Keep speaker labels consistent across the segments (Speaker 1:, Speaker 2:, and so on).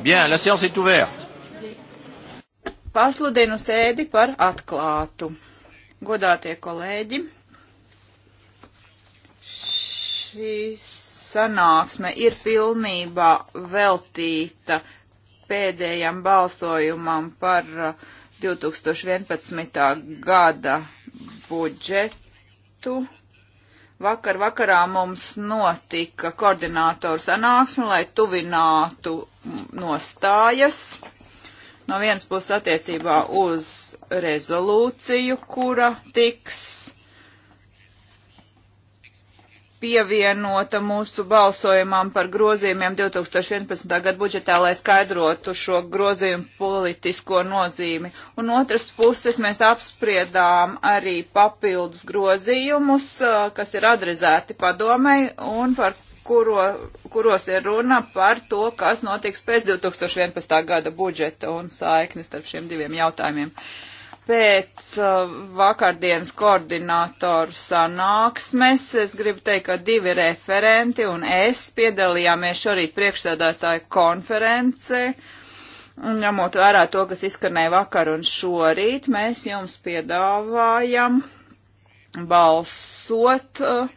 Speaker 1: Bien, la séance est ouverte.
Speaker 2: Pasludinu sēdi par atklātu. Godātie kolēģi, šī sanāksme ir pilnībā veltīta pēdējam balsojumam par 2011. Uh, gada budžetu. Vakar vakarā mums notika koordinātoru sanāksme, lai tuvinātu nostājas. No vienas puses attiecībā uz rezolūciju, kura tiks pievienota mūsu balsojumam par grozījumiem 2011. gada budžetā, lai skaidrotu šo grozījumu politisko nozīmi. Un otras puses mēs apspriedām arī papildus grozījumus, kas ir adresēti padomei un par kuro, kuros ir runa par to, kas notiks pēc 2011. gada budžeta un saiknis starp šiem diviem jautājumiem. Pēc uh, vakardienas koordinātoru sanāksmes es gribu teikt, ka divi referenti un es piedalījāmies šorīt priekšsēdētāju konferencē. Un, ņemot vērā to, kas izskanēja vakar un šorīt, mēs jums piedāvājam balsot uh,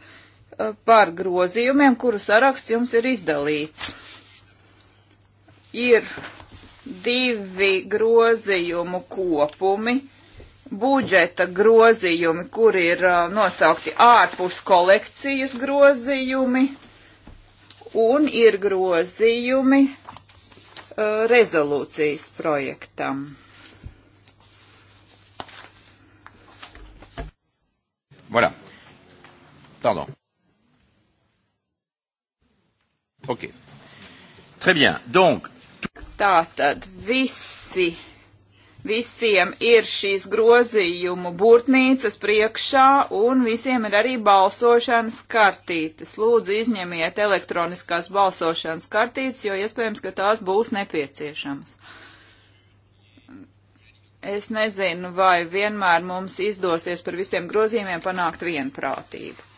Speaker 2: Eh, par grozījumiem, kuru saraksts jums ir izdalīts. Ir divi grozījumu kopumi, budžeta grozījumi, kur ir uh, nosaukti ārpus kolekcijas grozījumi, un ir grozījumi uh, rezolūcijas projektam.
Speaker 1: Voilà. Pardon. Ok. Très bien. Donc.
Speaker 2: Tātad visi, visiem ir šīs grozījumu burtnīcas priekšā un visiem ir arī balsošanas kartītes. Lūdzu, izņemiet elektroniskās balsošanas kartītes, jo iespējams, ka tās būs nepieciešamas. Es nezinu, vai vienmēr mums izdosies par visiem grozījumiem panākt vienprātību.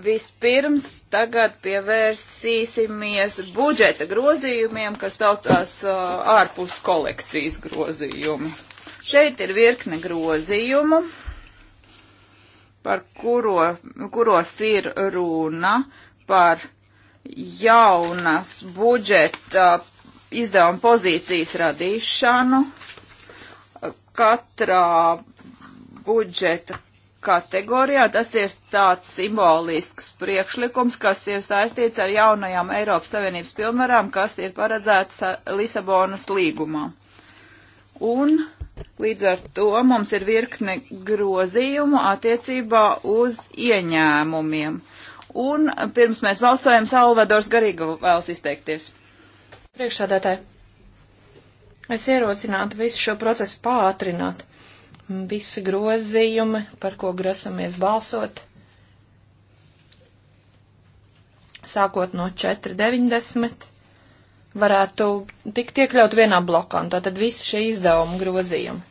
Speaker 2: Vispirms tagad pievērsīsimies budžeta grozījumiem, kas saucās uh, ārpus kolekcijas grozījumi. Šeit ir virkne grozījumu, par kuro, kuros ir runa par jaunas budžeta izdevuma pozīcijas radīšanu. Katrā budžeta kategorijā. Tas ir tāds simbolisks priekšlikums, kas ir saistīts ar jaunajām Eiropas Savienības pilnvarām, kas ir paredzētas uh, Lisabonas līgumā. Un līdz ar to mums ir virkne grozījumu attiecībā uz ieņēmumiem. Un pirms mēs balsojam, Salvadors Garīga vēlas izteikties. Priekšādētāji, es ierosinātu visu šo procesu pātrināt
Speaker 1: visi grozījumi, par ko grasamies balsot, sākot no 4,90, varētu tikt iekļaut vienā blokā, un tātad visi šie izdevumi grozījumi.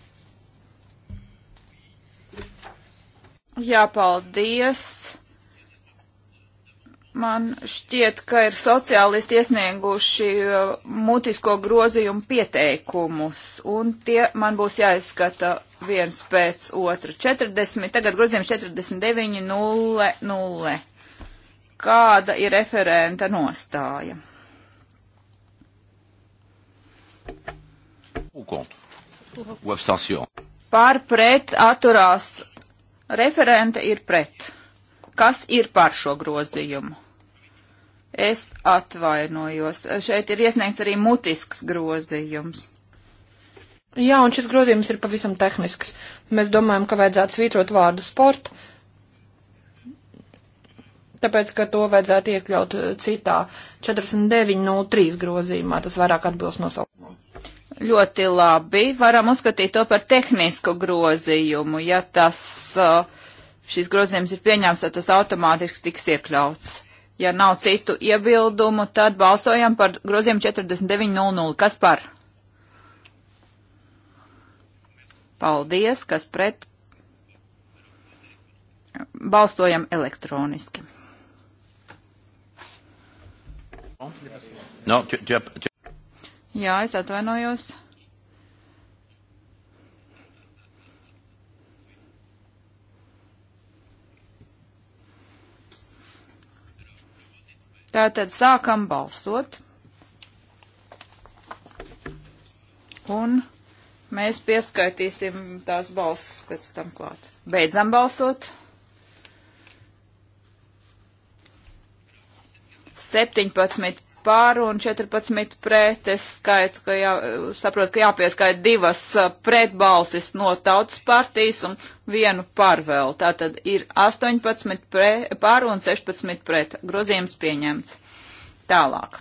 Speaker 2: Jā, paldies! Man šķiet, ka ir sociālisti iesnieguši uh, mutisko grozījumu pieteikumus, un tie man būs jāizskata viens pēc otra. 40, tagad grozījums 49, 0, 0. Kāda ir referenta nostāja? Par pret atturās referente ir pret. Kas ir par šo grozījumu? Es atvainojos. Šeit ir iesniegts arī mutisks grozījums. Jā,
Speaker 1: un šis grozījums ir pavisam tehnisks. Mēs domājam, ka vajadzētu svītrot vārdu sporta, tāpēc, ka to vajadzētu iekļaut eh, citā 49.03 grozījumā. Tas vairāk atbilst nosaukumam.
Speaker 2: Ļoti labi. Varam uzskatīt to par tehnisku grozījumu. Ja tas, eh, šis grozījums ir pieņemts, tad tas automātiski tiks iekļauts. Ja nav citu iebildumu, tad balsojam par grozījumu 49.00. Kas par? Paldies, kas pret? Balsojam elektroniski.
Speaker 1: No, tu, tu, tu.
Speaker 2: Jā, es atvainojos. Tātad sākam balsot. Un mēs pieskaitīsim tās balss pēc tam klāt. Beidzam balsot. 17 pār un 14 pret. Es skaitu, ka jā, saprotu, ka jāpieskaita divas uh, pretbalsis no tautas partijas un vienu par vēl. Tātad ir 18 pre, pār un 16 pret. Grozījums pieņemts. Tālāk.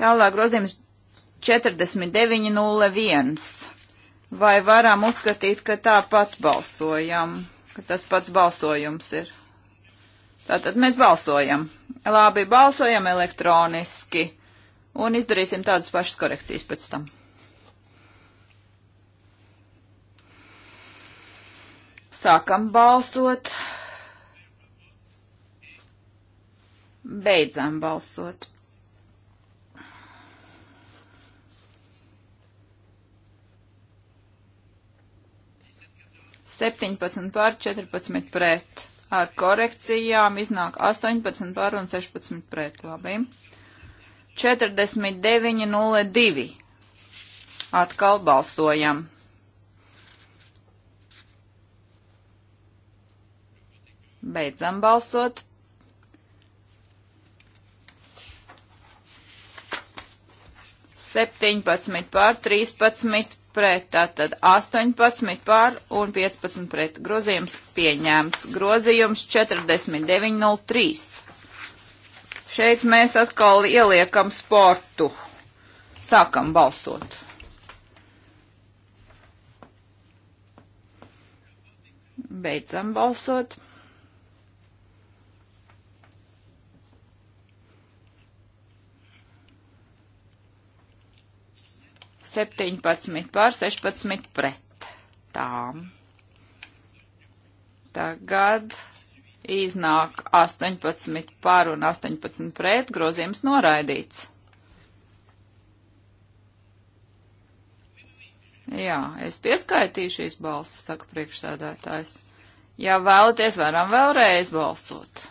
Speaker 2: Tālāk grozījums 49.01. Vai varam uzskatīt, ka tāpat balsojam, ka tas pats balsojums ir? Tātad mēs balsojam. Labi, balsojam elektroniski un izdarīsim tādas pašas korekcijas pēc tam. Sākam balsot. Beidzam balsot. Septiņpadsmit pār četrpadsmit pret ar korekcijām iznāk 18 par un 16 pret. Labi. 49.02. Atkal balsojam. Beidzam balsot. Septiņpadsmit pār trīspadsmit pret, tātad 18 pār un 15 pret. Grozījums pieņēmts. Grozījums 49.03. Šeit mēs atkal ieliekam sportu. Sākam balsot. Beidzam balsot. 17 pār 16 pret tām. Tagad iznāk 18 pār un 18 pret, grozījums noraidīts. Jā, es pieskaitīju šīs balsis, saka priekšsēdētājs. Ja vēlaties, varam vēlreiz balsot.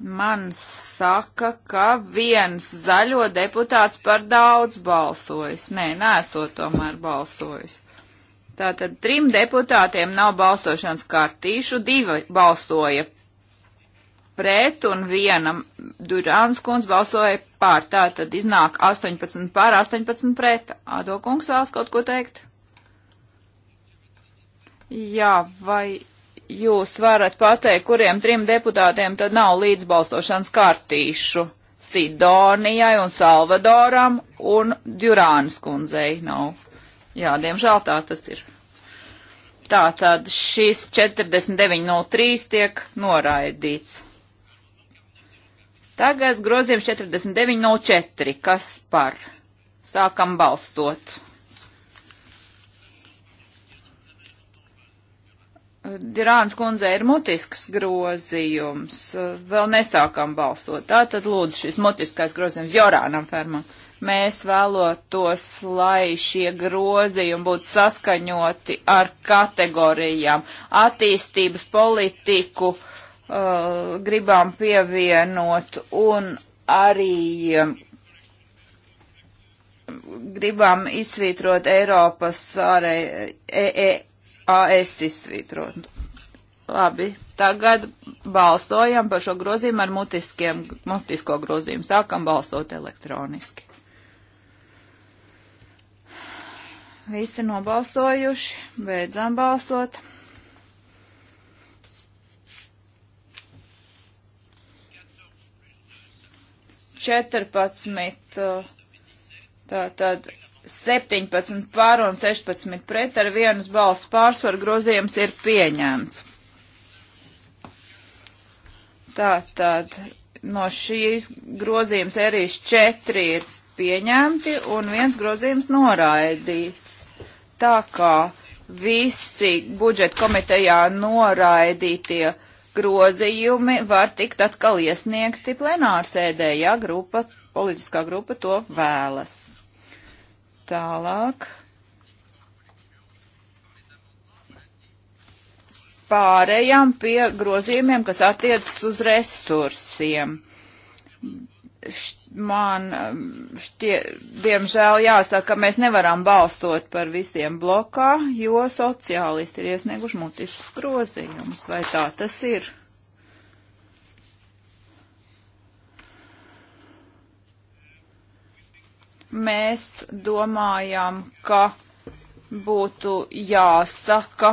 Speaker 2: man saka, ka viens zaļo deputāts par daudz balsojis. Nē, nesot tomēr balsojis. Tātad trim deputātiem nav balsošanas kartīšu, divi balsoja pret un viena Durāns kungs balsoja pār. Tātad iznāk 18 pār, 18 pret. Ādo kungs vēlas kaut ko teikt? Jā, vai jūs varat pateikt, kuriem trim deputātiem tad nav līdzbalstošanas kartīšu? Sidonijai un Salvadoram un Djurānas kundzei nav. Jā, diemžēl tā tas ir. Tātad šis 49.03 tiek noraidīts. Tagad grozījums 49.04. Kas par? Sākam balstot. Dirāns kundze ir mutisks grozījums. Vēl nesākam balsot. Tā tad lūdzu šis mutiskais grozījums Jorānam Fermam. Mēs vēlotos, lai šie grozījumi būtu saskaņoti ar kategorijām. Attīstības politiku uh, gribām pievienot un arī uh, gribam izsvītrot Eiropas arī, e, e, AS izsvītrot. Labi, tagad balsojam par šo grozījumu ar mutiskiem, mutisko grozījumu. Sākam balsot elektroniski. Visi nobalsojuši, beidzam balsot. Četrpadsmit, uh, tātad 17 pār un 16 pret ar vienas balss pārsvaru grozījums ir pieņemts. Tātad no šīs grozījuma sērijas 4 ir pieņemti un viens grozījums noraidīts. Tā kā visi budžeta komitejā noraidītie grozījumi var tikt atkal iesniegti plenārsēdē, ja grupa, politiskā grupa to vēlas. Tālāk. Pārējām pie grozījumiem, kas attiecas uz resursiem. Man štie, diemžēl jāsaka, ka mēs nevaram balstot par visiem blokā, jo sociālisti ir iesnieguši mutiskus grozījumus. Vai tā tas ir? mēs domājam, ka būtu jāsaka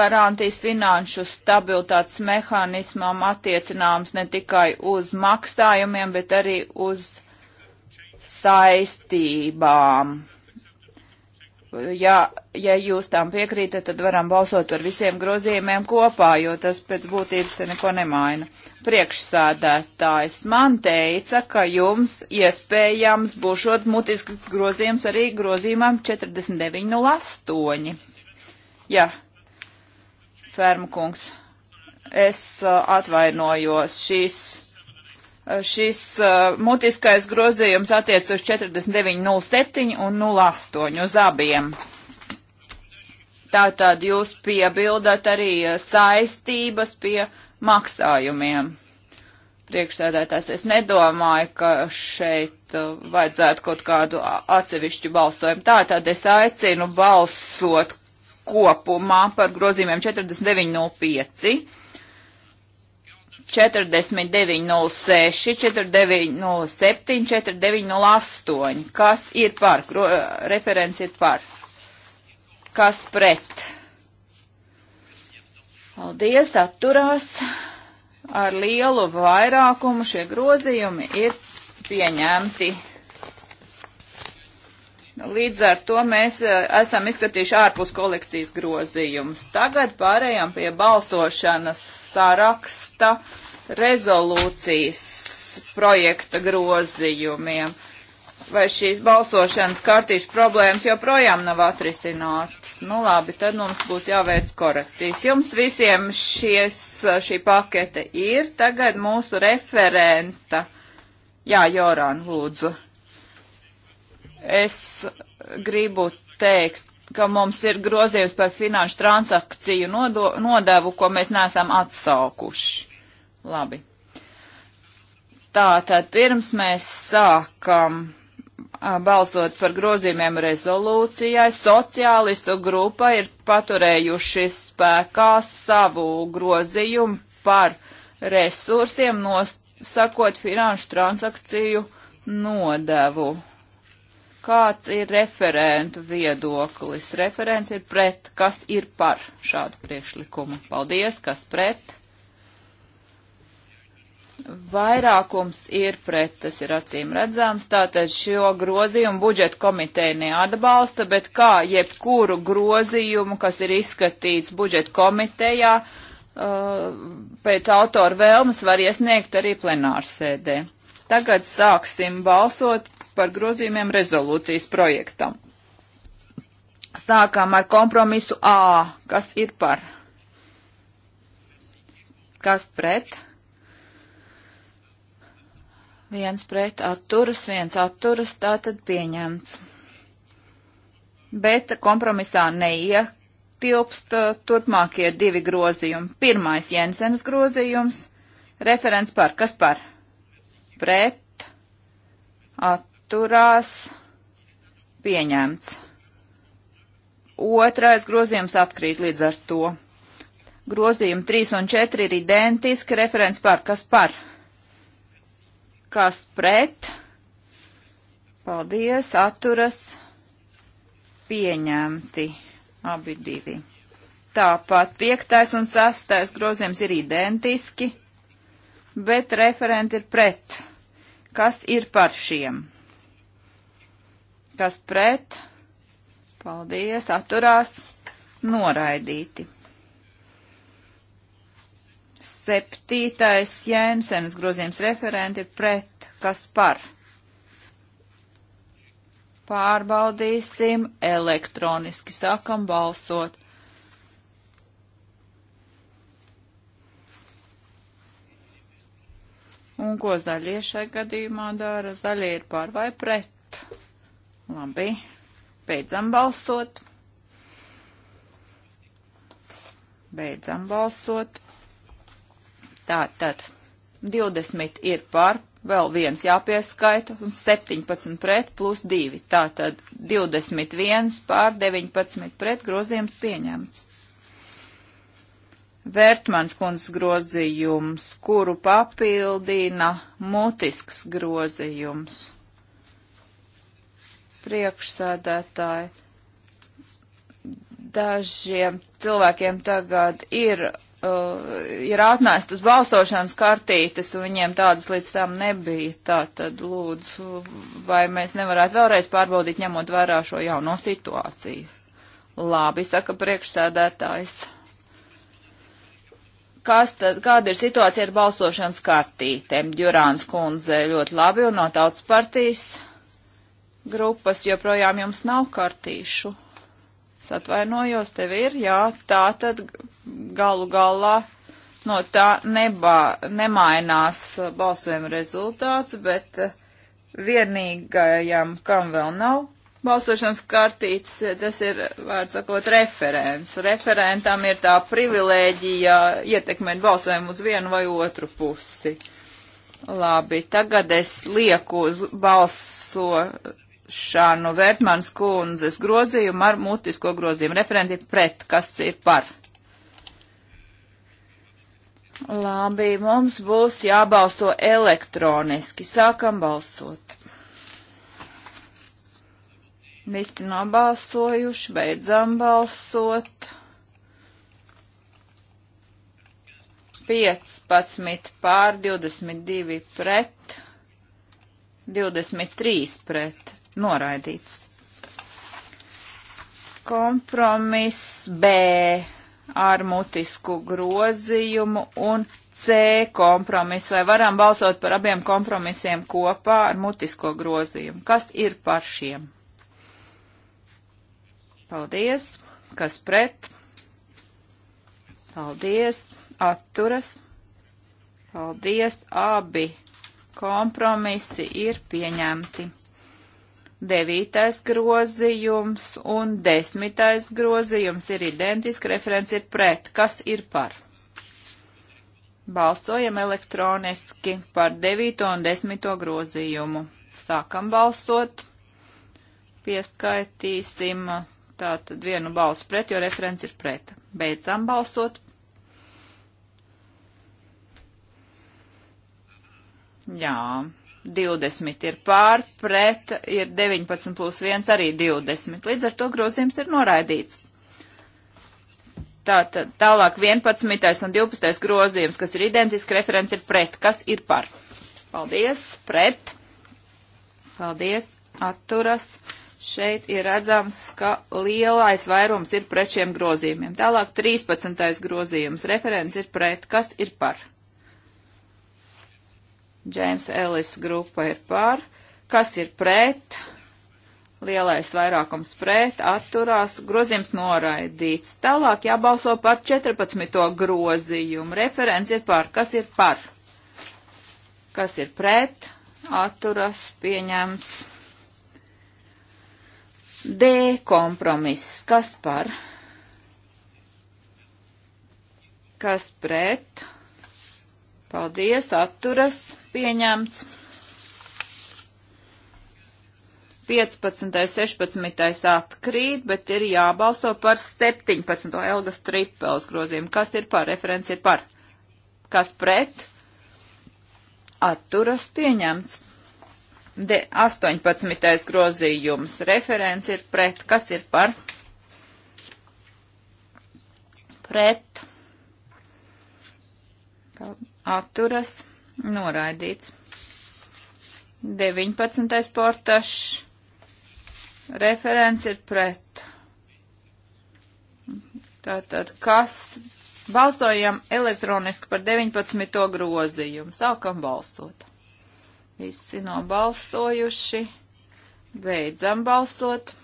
Speaker 2: garantijas finanšu stabilitātes mehānismam attiecināms ne tikai uz maksājumiem, bet arī uz saistībām ja, ja jūs tām piekrītat, tad varam balsot par visiem grozījumiem kopā, jo tas pēc būtības te neko nemaina. Priekšsādētājs man teica, ka jums iespējams būšot mutisks grozījums arī grozījumam 49.08. Jā, Fermkungs, es uh, atvainojos šīs Eh, šis uh, mutiskais grozījums attiec uz 49.07 un 08 uz abiem. Tātad jūs piebildat arī eh, saistības pie maksājumiem. Priekšsēdētājs, es nedomāju, ka šeit uh, vajadzētu kaut kādu atsevišķu balsojumu. Tātad es aicinu balsot kopumā par grozījumiem 49.05. 4906, 4907, 4908. Kas ir par? Kro, eh, referents ir par. Kas pret? Paldies, atturās. Ar lielu vairākumu šie grozījumi ir pieņemti. Līdz ar to mēs e, esam izskatījuši ārpus kolekcijas grozījumus. Tagad pārējām pie balsošanas saraksta rezolūcijas projekta grozījumiem. Vai šīs balsošanas kartīšu problēmas joprojām nav atrisinātas? Nu labi, tad mums būs jāveic korekcijas. Jums visiem šies, šī pakete ir. Tagad mūsu referenta. Jā, Joran, lūdzu. Es gribu teikt, ka mums ir grozījums par finanšu transakciju nodo, nodevu, ko mēs neesam atsaukuši. Labi. Tātad pirms mēs sākam balsot par grozījumiem rezolūcijai, sociālistu grupa ir paturējuši spēkā savu grozījumu par resursiem, nosakot finanšu transakciju nodevu Kāds ir referentu viedoklis? Referents ir pret. Kas ir par šādu priekšlikumu? Paldies, kas pret? Vairākums ir pret, tas ir acīm redzams, tātad šo grozījumu budžeta komiteja neatbalsta, bet kā jebkuru grozījumu, kas ir izskatīts budžeta komitejā, uh, pēc autora vēlmes var iesniegt arī plenārsēdē. Tagad sāksim balsot par grozījumiem rezolūcijas projektam. Sākām ar kompromisu A, kas ir par, kas pret, viens pret atturas, viens atturas, tā tad pieņemts. Bet kompromisā neietilpst uh, turpmākie divi grozījumi. Pirmais Jensens grozījums, referents par, kas par, pret, atturas atturās pieņemts. Otrais grozījums atkrīt līdz ar to. Grozījumi 3 un 4 ir identiski, referents par kas par, kas pret, paldies, atturas, pieņemti abi divi. Tāpat piektais un sastais grozījums ir identiski, bet referenti ir pret. Kas ir par šiem? kas pret, paldies, atturās, noraidīti. Septītais Jēnsens grozījums referenti pret, kas par. Pārbaudīsim, elektroniski sākam balsot. Un ko zaļie šai gadījumā dara? Zaļie ir pār vai pret? Labi, beidzam balsot. Beidzam balsot. Tā tad 20 ir par, vēl viens jāpieskaita un 17 pret plus 2. Tā tad 21 pār 19 pret grozījums pieņemts. Vērtmans kundzes grozījums, kuru papildina mutisks grozījums priekšsēdētāji. Dažiem cilvēkiem tagad ir, uh, ir atnēstas balsošanas kartītes, un viņiem tādas līdz tam nebija. Tā tad lūdzu, vai mēs nevarētu vēlreiz pārbaudīt, ņemot vērā šo jauno situāciju. Labi, saka priekšsēdētājs kas tad, kāda ir situācija ar balsošanas kartītēm? Ģurāns kundze ļoti labi un no tautas partijas grupas joprojām jums nav kartīšu. Es atvainojos, tev ir, jā, tā tad galu galā no tā nebā, nemainās balsojuma rezultāts, bet eh, vienīgajam, kam vēl nav balsošanas kartītes, tas ir, vārds sakot, referents. Referentam ir tā privilēģija ietekmēt balsojumu uz vienu vai otru pusi. Labi, tagad es lieku uz balsošanu balsošanu Vērtmanas kundzes grozījumu ar mutisko grozījumu. Referenti pret, kas ir par. Labi, mums būs jābalso elektroniski. Sākam balsot. Visi nobalsojuši, beidzam balsot. 15 pār 22 pret, 23 pret, noraidīts. Kompromiss B ar mutisku grozījumu un C kompromisu. Vai varam balsot par abiem kompromisiem kopā ar mutisko grozījumu? Kas ir par šiem? Paldies. Kas pret? Paldies. Atturas. Paldies. Abi kompromisi ir pieņemti. Devītais grozījums un desmitais grozījums ir identiski, referents ir pret. Kas ir par? Balsojam elektroniski par devīto un desmito grozījumu. Sākam balsot. Pieskaitīsim tātad vienu balsu pret, jo referents ir pret. Beidzam balsot. Jā, 20 ir pār, pret ir 19 plus 1 arī 20. Līdz ar to grozījums ir noraidīts. Tātad tālāk 11. un 12. grozījums, kas ir identiski, referents ir pret. Kas ir par? Paldies, pret. Paldies, atturas. Šeit ir redzams, ka lielais vairums ir pret šiem grozījumiem. Tālāk 13. grozījums, referents ir pret. Kas ir par? Džeims Ellis grupa ir par, kas ir pret, lielais vairākums pret, atturās, grozījums noraidīts. Tālāk jābalso par 14. grozījumu. Referents ir par, kas ir par, kas ir pret, atturas, pieņemts. D kompromiss, kas par, kas pret, paldies, atturas, pieņemts. 15, 16 atkrīt, bet ir jābalso par 17. Elgas tripels grozījumu. Kas ir par? Referents ir par. Kas pret? Atturas pieņemts. De 18. grozījums. Referents ir pret. Kas ir par? Pret. Atturas pieņemts Noraidīts. 19. portašs. Referents ir pret. Tātad, kas balsojam elektroniski par 19. grozījumu? Sākam balsot. Visi nobalsojuši. Beidzam balsot.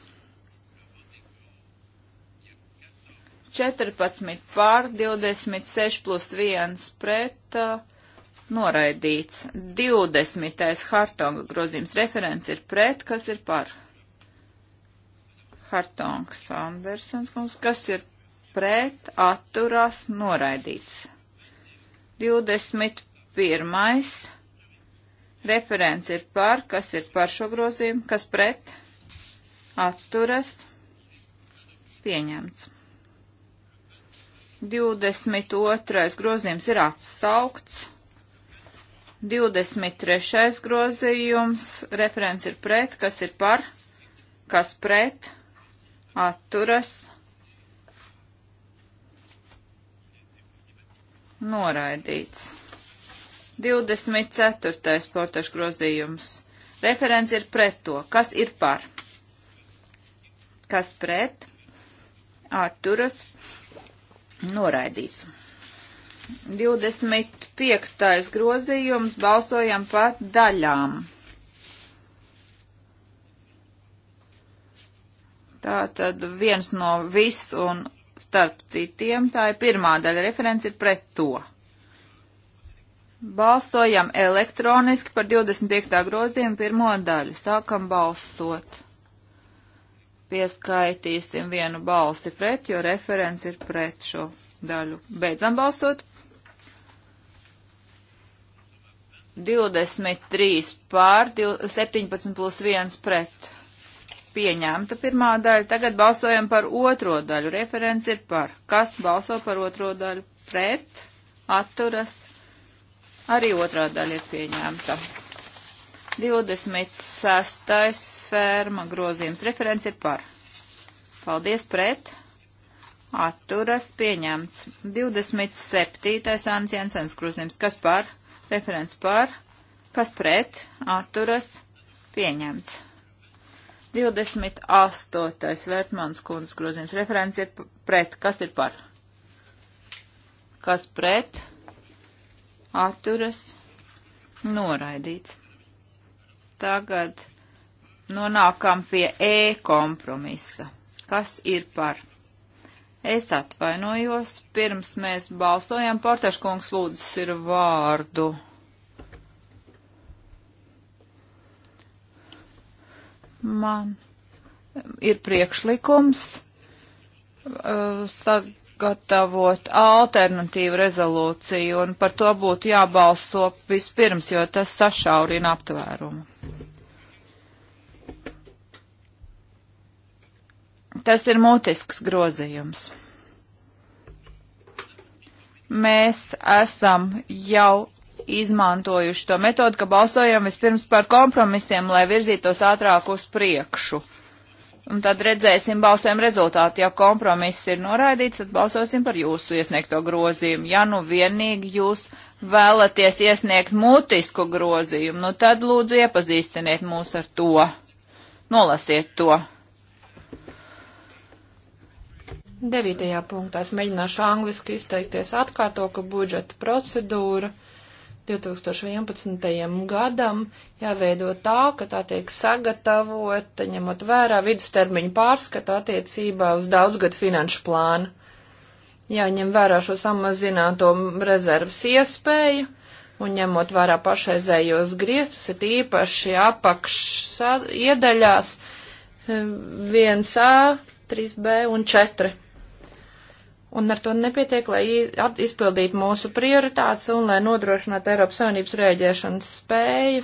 Speaker 2: 14 pār, 26 plus 1 pret. Uh, noraidīts. 20. Hartonga grozījums referents ir pret, kas ir par? Hartongs Andersons, kas ir pret, atturās, noraidīts. 21. Referents ir par, kas ir par šo grozījumu, kas pret, atturas, pieņemts. 22. grozījums ir atsaukts. 23. grozījums, referents ir pret, kas ir par, kas pret, atturas, noraidīts. 24. sportašu grozījums, referents ir pret to, kas ir par, kas pret, atturas, noraidīts. 25. grozījums balsojam par daļām. Tā tad viens no vis un starp citiem, tā ir pirmā daļa referents ir pret to. Balsojam elektroniski par 25. grozījumu pirmo daļu. Sākam balsot. Pieskaitīsim vienu balsi pret, jo referents ir pret šo daļu. Beidzam balsot. 23 pār, 17 plus 1 pret. Pieņemta pirmā daļa. Tagad balsojam par otro daļu. Referents ir par. Kas balso par otro daļu? Pret. Atturas. Arī otrā daļa ir pieņemta. 26. ferma grozījums. Referents ir par. Paldies pret. Atturas pieņemts. 27. Ansjensens grozījums. Kas par? Referents par, kas pret, atturas, pieņemts. 28. Vērtmanas kundzes grozījums. Referents ir pret. Kas ir par? Kas pret? Atturas. Noraidīts. Tagad nonākam pie E kompromisa. Kas ir par? Es atvainojos, pirms mēs balsojam, Portaškungs lūdzas ir vārdu. Man ir priekšlikums uh, sagatavot alternatīvu rezolūciju, un par to būtu jābalso vispirms, jo tas sašaurina aptvērumu. Tas ir mutisks grozījums. Mēs esam jau izmantojuši to metodu, ka balsojam vispirms par kompromisiem, lai virzītos ātrāk uz priekšu. Un tad redzēsim balsojumu rezultātu. Ja kompromiss ir noraidīts, tad balsosim par jūsu iesniegto grozījumu. Ja nu vienīgi jūs vēlaties iesniegt mutisku grozījumu, nu tad lūdzu iepazīstiniet mūs ar to. Nolasiet to.
Speaker 1: Devītajā punktā es mēģināšu angliski izteikties atkārto, ka budžeta procedūra 2011. gadam jāveido tā, ka tā tiek sagatavota, ņemot vērā vidustermiņu pārskatu attiecībā uz daudzgadu finanšu plānu. Jāņem vērā šo samazināto rezervas iespēju un ņemot vērā pašreizējos griestus, ir īpaši apakš iedaļās 1A, eh, 3B un 4. Un ar to nepietiek, lai izpildītu mūsu prioritātes un lai nodrošinātu Eiropas Savienības rēģēšanas spēju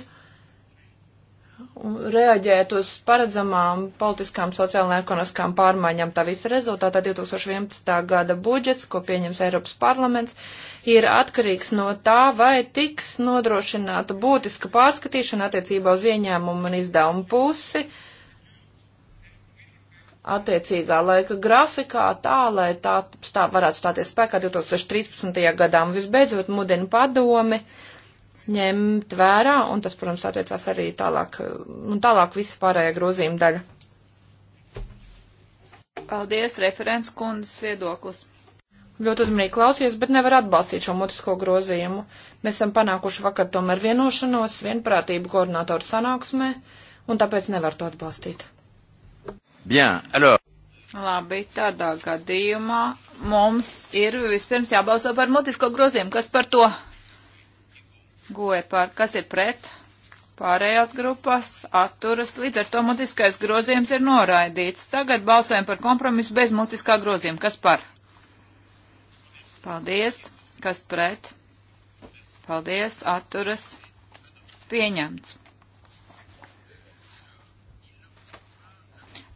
Speaker 1: reaģēt uz paredzamām politiskām, sociālām un ekonomiskām pārmaiņām. Tā visa rezultātā 2011. gada budžets, ko pieņems Eiropas parlaments, ir atkarīgs no tā, vai tiks nodrošināta būtiska pārskatīšana attiecībā uz ieņēmumu un izdevumu pusi. Uh, attiecīgā laika grafikā tā, lai tā stā, varētu stāties spēkā 2013. gadā. Un visbeidzot, mudina padomi ņemt vērā, un tas, protams, attiecās arī tālāk, un tālāk visa pārējā grozījuma daļa.
Speaker 2: Paldies, referents kundas viedoklis.
Speaker 1: Ļoti uzmanīgi klausies, bet nevar atbalstīt šo mutisko grozījumu. Mēs esam panākuši vakar tomēr vienošanos, vienprātību koordinātoru sanāksmē, un tāpēc nevar to atbalstīt.
Speaker 3: Bien, alors.
Speaker 2: Labi, tādā gadījumā mums ir vispirms jābalso par mutisko grozījumu. Kas par to? Goja par, kas ir pret? Pārējās grupas atturas, līdz ar to mutiskais grozījums ir noraidīts. Tagad balsojam par kompromisu bez mutiskā grozījuma. Kas par? Paldies. Kas pret? Paldies, atturas. Pieņemts.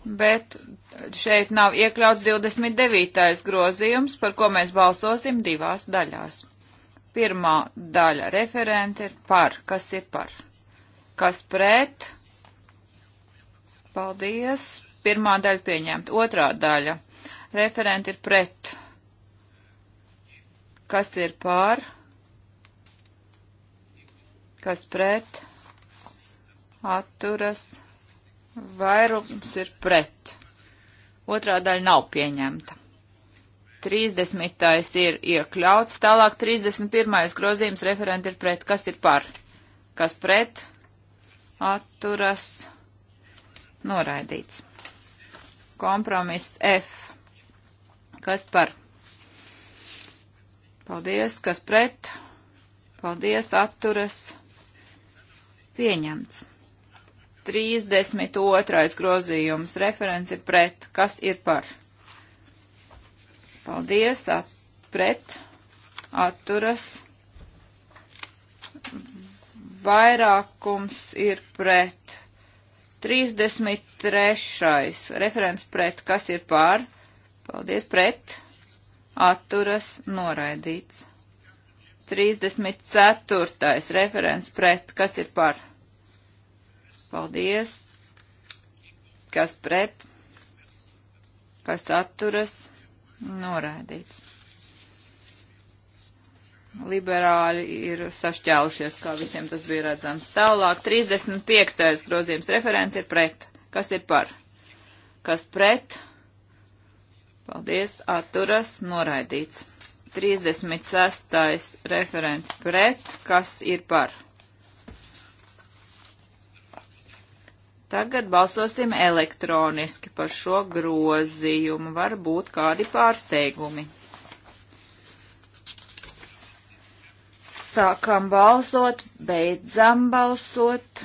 Speaker 2: bet šeit nav iekļauts 29. grozījums, par ko mēs balsosim divās daļās. Pirmā daļa referente ir par, kas ir par, kas pret. Paldies. Pirmā daļa pieņemta. Otrā daļa. Referenti ir pret. Kas ir par? Kas pret? Atturas Vairums ir pret. Otrā daļa nav pieņemta. 30. ir iekļauts, tālāk 31. grozījums referenti ir pret. Kas ir par? Kas pret? Atturas. Noraidīts. Kompromiss F. Kas par? Paldies. Kas pret? Paldies. Atturas. Pieņemts. 32. grozījums. Referents ir pret. Kas ir par? Paldies. At, pret. Atturas. Vairākums ir pret. 33. Referents pret. Kas ir par? Paldies. Pret. Atturas. Noraidīts. 34. referents pret, kas ir par? Paldies. Kas pret? Kas atturas? Noraidīts. Liberāļi ir sašķēlušies, kā visiem tas bija redzams. Tālāk 35. grozījums referents ir pret. Kas ir par? Kas pret? Paldies, atturas, noraidīts. 36. referents pret. Kas ir par? Tagad balsosim elektroniski par šo grozījumu. Var būt kādi pārsteigumi. Sākam balsot, beidzam balsot.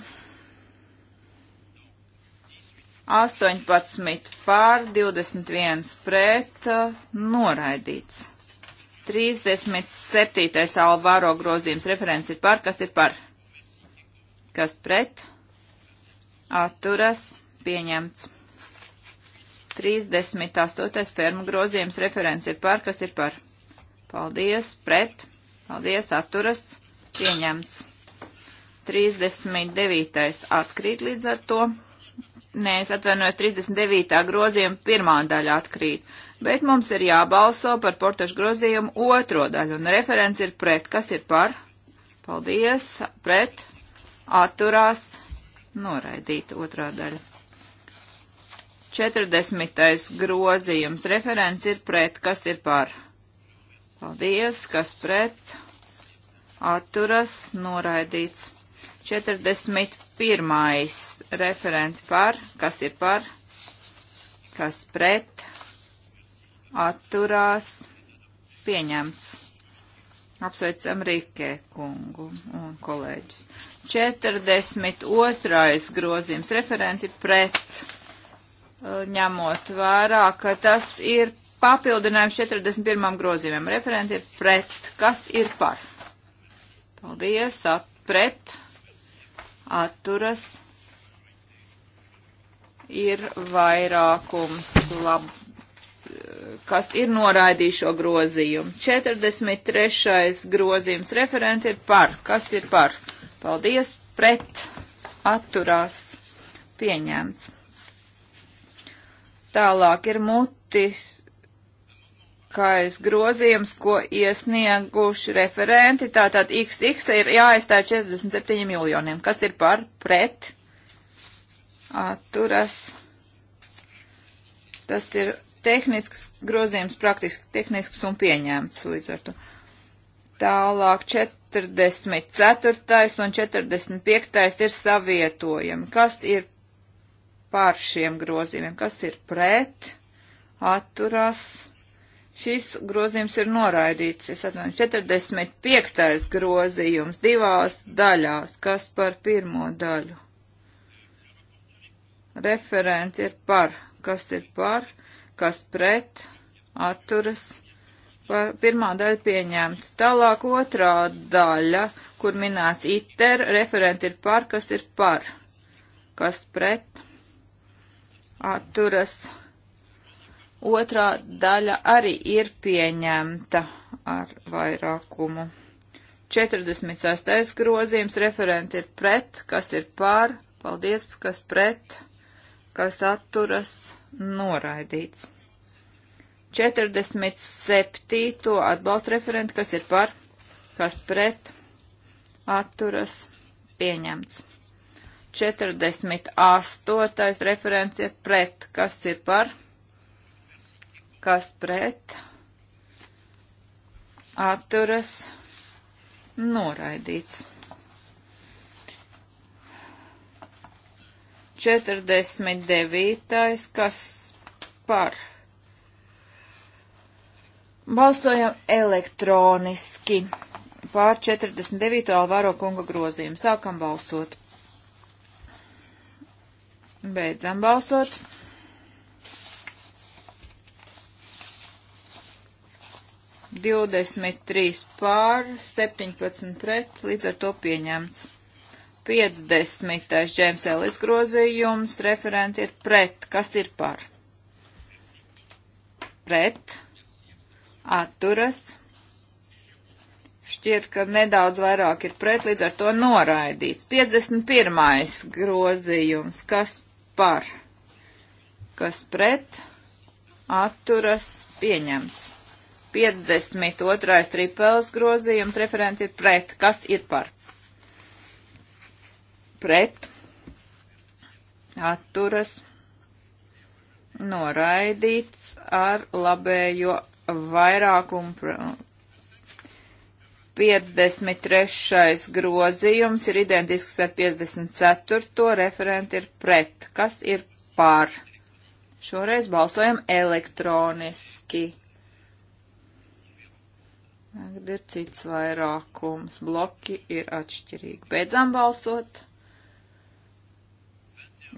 Speaker 2: 18 pār, 21 pret, noraidīts. 37. Alvaro grozījums referents ir par, kas ir par, kas pret, atturas pieņemts. 38. fermu grozījums referents ir par, kas ir par. Paldies, pret, paldies, atturas pieņemts. 39. atkrīt līdz ar to. Nē, es atvainojos, 39. grozījuma pirmā daļa atkrīt, bet mums ir jābalso par portašu grozījumu otro daļu, un referents ir pret, kas ir par? Paldies, pret, atturās, noraidīta otrā daļa. 40. grozījums. Referents ir pret. Kas ir par? Paldies. Kas pret? Atturas. Noraidīts. 41. referents par. Kas ir par? Kas pret? Atturās. Pieņemts. Apsveicam Rikē kungu un kolēģus. 42. grozījums referenci pret uh, ņemot vērā, ka tas ir papildinājums 41. grozījumam. Referenti ir pret. Kas ir par? Paldies. At, pret. Atturas. Ir vairākums. Labi kas ir noraidījuši šo grozījumu. 43. grozījums referenti ir par. Kas ir par? Paldies, pret, atturās, pieņemts. Tālāk ir mutis, kais grozījums, ko iesnieguši referenti, tātad XX ir jāaizstāja 47 miljoniem. Kas ir par pret? Atturas. Tas ir tehnisks grozījums, praktiski tehnisks un pieņēmts līdz ar to. Tālāk 44. un 45. ir savietojami. Kas ir pār šiem grozījumiem? Kas ir pret? Atturās. Šis grozījums ir noraidīts. Es atvainu, 45. grozījums divās daļās. Kas par pirmo daļu? Referenti ir par. Kas ir par? kas pret, atturas, pirmā daļa pieņemta. Tālāk otrā daļa, kur minēts iter, referenti ir par, kas ir par, kas pret, atturas. Otrā daļa arī ir pieņemta ar vairākumu. 46. grozījums referenti ir pret, kas ir pār, paldies, kas pret, kas atturas noraidīts. 47. atbalsta referenti, kas ir par, kas pret, atturas, pieņemts. 48. referents ir pret, kas ir par, kas pret, atturas, noraidīts. 49. kas par. Balstojam elektroniski pār 49. Alvaro kunga grozījumu. Sākam balsot. Beidzam balsot. Divdesmit trīs pār, septiņpadsmit pret, līdz ar to pieņemts. 50. Džēms Ellis grozījums, referenti ir pret. Kas ir par? Pret. Atturas. Šķiet, ka nedaudz vairāk ir pret, līdz ar to noraidīts. 51. grozījums. Kas par? Kas pret? Atturas. Pieņemts. 52. tripels grozījums, referenti ir pret. Kas ir par? pret atturas noraidīts ar labējo vairākumu. 53. grozījums ir identisks ar 54. referenti ir pret. Kas ir par? Šoreiz balsojam elektroniski. Tagad ir cits vairākums. Bloki ir atšķirīgi. Beidzam balsot.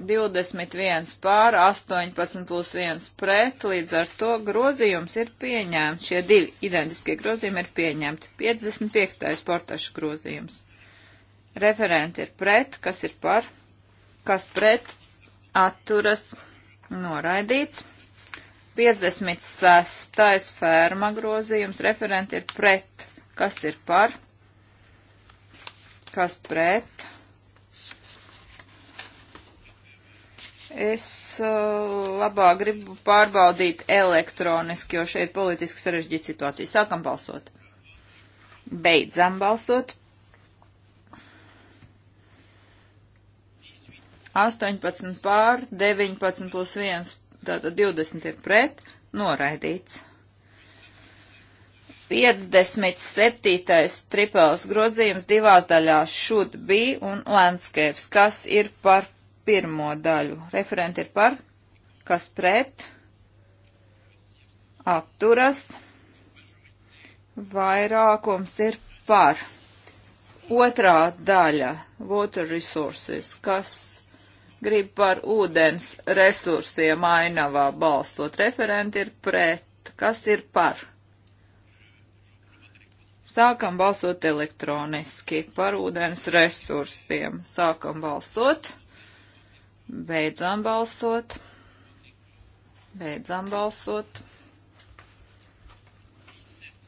Speaker 2: 21 pār 18 plus 1 pret, līdz ar to grozījums ir pieņēmts. Šie divi identiskie grozījumi ir pieņemti. 55. portašu grozījums. Referenti ir pret, kas ir par, kas pret, atturas, noraidīts. 56. ferma grozījums. Referenti ir pret, kas ir par, kas pret, Es uh, labāk gribu pārbaudīt elektroniski, jo šeit politiski sarežģīta situācija. Sākam balsot. Beidzam balsot. 18 pār, 19 plus 1, tātad 20 ir pret, noraidīts. 57. tripels grozījums divās daļās šūd bija un landscapes, kas ir par pirmo daļu. Referenti ir par, kas pret, atturas, vairākums ir par. Otrā daļa - water resources, kas grib par ūdens resursiem ainavā balstot. Referenti ir pret, kas ir par. Sākam balsot elektroniski par ūdens resursiem. Sākam balsot. Beidzām balsot. Beidzām balsot.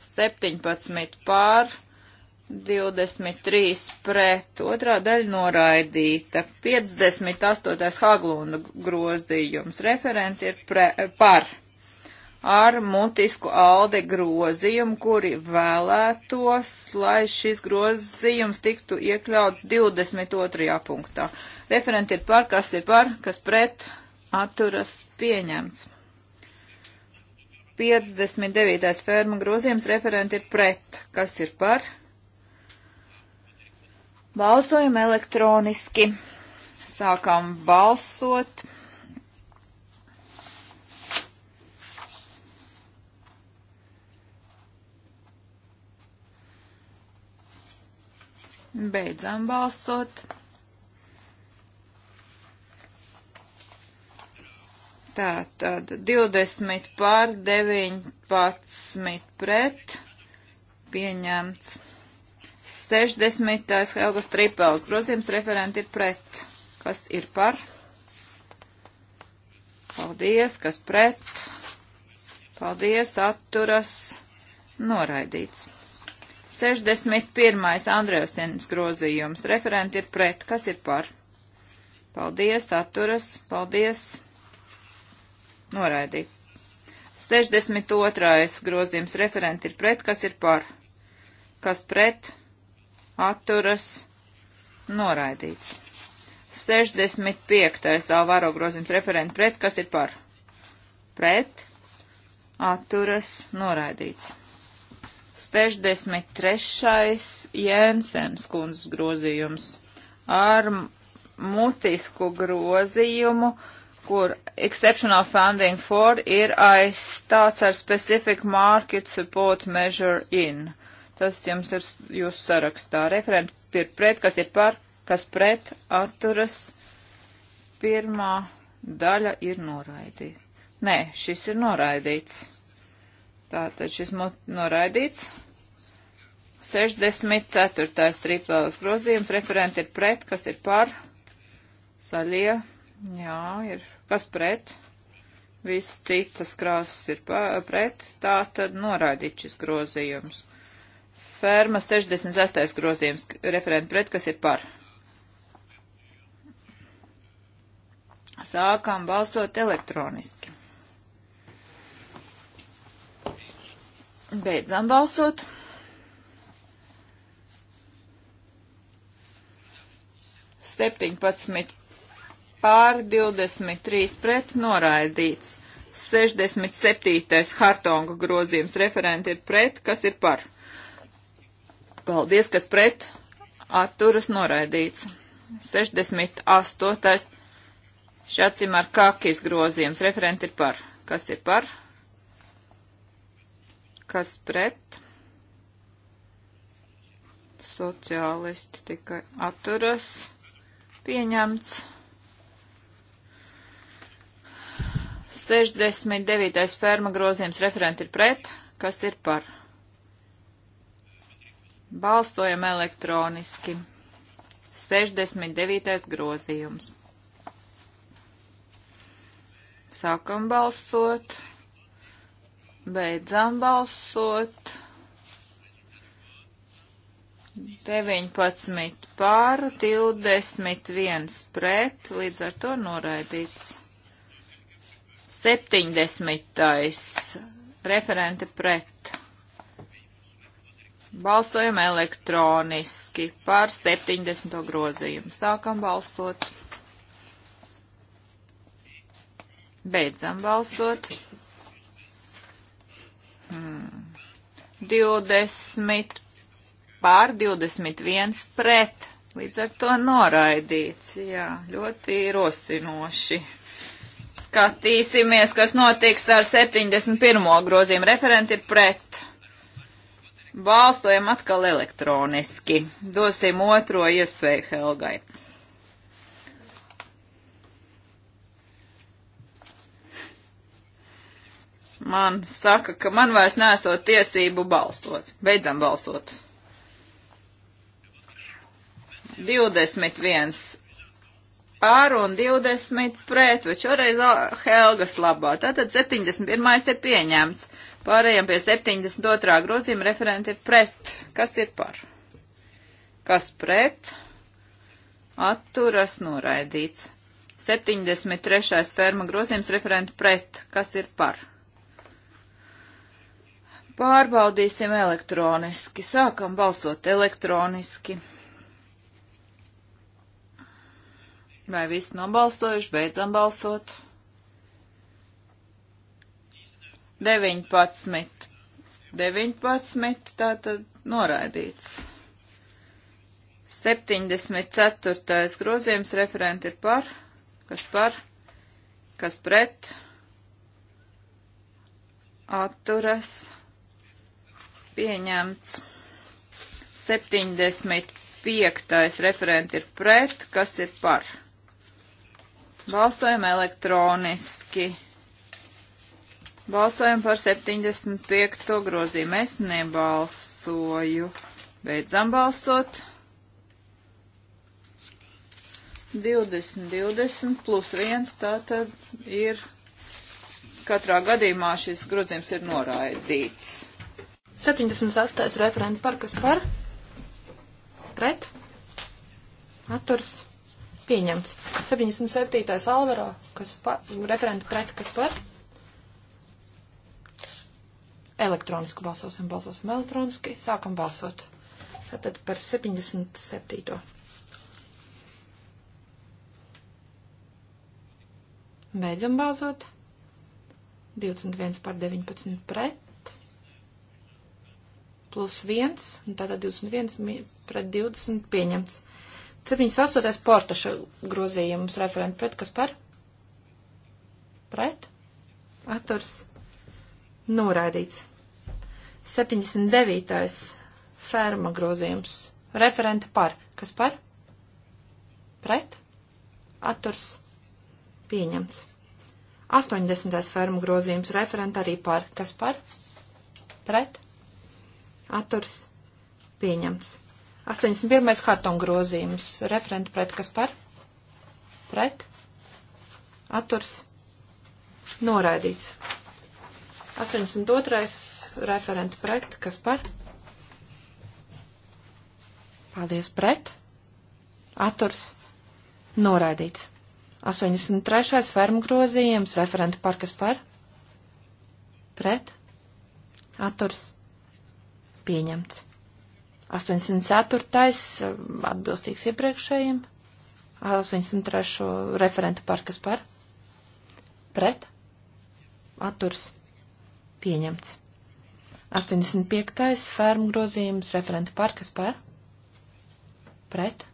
Speaker 2: 17 pār, 23 pret, otrā daļa noraidīta, 58. Haglunda grozījums, referents ir pre, par, ar mutisku alde grozījumu, kuri vēlētos, lai šis grozījums tiktu iekļauts 22. punktā. Referenti ir par, kas ir par, kas pret atturas pieņemts. 59. ferma grozījums referenti ir pret, kas ir par. Balsojam elektroniski. Sākam balsot. Beidzam balsot. Tā tad 20 pār 19 pret pieņemts. 60. Helgas Tripels grozījums referenti ir pret. Kas ir par? Paldies, kas pret? Paldies, atturas, noraidīts. 61. Andrēsienas grozījums. Referenti ir pret. Kas ir par? Paldies, atturas. Paldies. Noraidīts. 62. grozījums. Referenti ir pret. Kas ir par? Kas pret? Atturas. Noraidīts. 65. Alvaro grozījums referenti pret, kas ir par? Pret, atturas, noraidīts. 63. Jensens kundzes grozījums ar mutisku grozījumu, kur exceptional funding for ir aizstāts ar specific market support measure in. Tas jums ir jūsu sarakstā. Referenti ir pret, kas ir par, kas pret atturas. Pirmā daļa ir noraidīta. Nē, šis ir noraidīts. Tātad šis noraidīts. 64. trīpēlis grozījums. Referenti ir pret, kas ir par. Saļie. Jā, ir. Kas pret? Viss citas krāsas ir pa, pret. Tātad noraidīts šis grozījums. Ferma 68. grozījums. Referenti pret, kas ir par. Sākam balsot elektroniski. Beidzam balsot. Septiņpadsmit pār 23 pret noraidīts. 67. Hartonga grozījums referenti ir pret, kas ir par. Paldies, kas pret atturas noraidīts. 68. Šacim ar kakis grozījums referenti ir par. Kas ir par? kas pret. Sociālisti tikai atturas. Pieņemts. 69. ferma grozījums referenti ir pret. Kas ir par? Balstojam elektroniski. 69. grozījums. Sākam balsot. Beidzām balsot. 19 pār, 21 pret, līdz ar to noraidīts. 70. referente pret. Balsojam elektroniski par 70. grozījumu. Sākam balsot. Beidzam balsot. Hmm. 20 pār 21 pret. Līdz ar to noraidīts. Jā, ļoti rosinoši. Skatīsimies, kas notiks ar 71. grozījumu. Referenti ir pret. Balsojam atkal elektroniski. Dosim otro iespēju Helgai. man saka, ka man vairs nesot tiesību balsot. Beidzam balsot. 21 pār un 20 pret, bet šoreiz Helgas labā. Tātad 71. ir pieņemts. Pārējiem pie 72. grozījuma referenti ir pret. Kas ir par? Kas pret? Atturas noraidīts. 73. ferma grozījums referenti pret. Kas ir par? Pārbaudīsim elektroniski. Sākam balsot elektroniski. Vai visi nobalsojuši? Beidzam balsot. 19. 19. Tātad noraidīts. 74. grozījums referenti ir par. Kas par? Kas pret? Atturas pieņemts. 75. referents ir pret, kas ir par. Balsojam elektroniski. Balsojam par 75. grozījumu. Es nebalsoju. Beidzam balsot. 20, 20 plus 1, tā tad ir katrā gadījumā šis grozījums ir noraidīts.
Speaker 1: 78. referenta par, kas par, pret, atturs, pieņemts. 77. Alvaro, kas par, referenta pret, kas par, elektroniski balsosim, balsosim elektroniski, sākam balsot. Tātad par 77. Beidzam balsot. 21 par 19 pret plus 1, un tātad 21 pret 20 pieņemts. 78. portaša grozījums referenta pret, kas par? Pret? Atturs noraidīts. 79. ferma grozījums referenta par, kas par? Pret? Atturs pieņemts. 80. ferma grozījums referenta arī par, kas par? Pret? atturs pieņemts. 81. hartona grozījums. Referenti pret kas par? Pret. Atturs. Noraidīts. 82. referenti pret kas par? Paldies pret. Atturs. Noraidīts. 83. fermu grozījums. Referenti par kas par? Pret. Atturs pieņemts. 84. Eh, atbilstīgs iepriekšējiem. 83. referentu par kas par. Pret. Atturs. Pieņemts. 85. fermu grozījums referentu par kas par. Pret.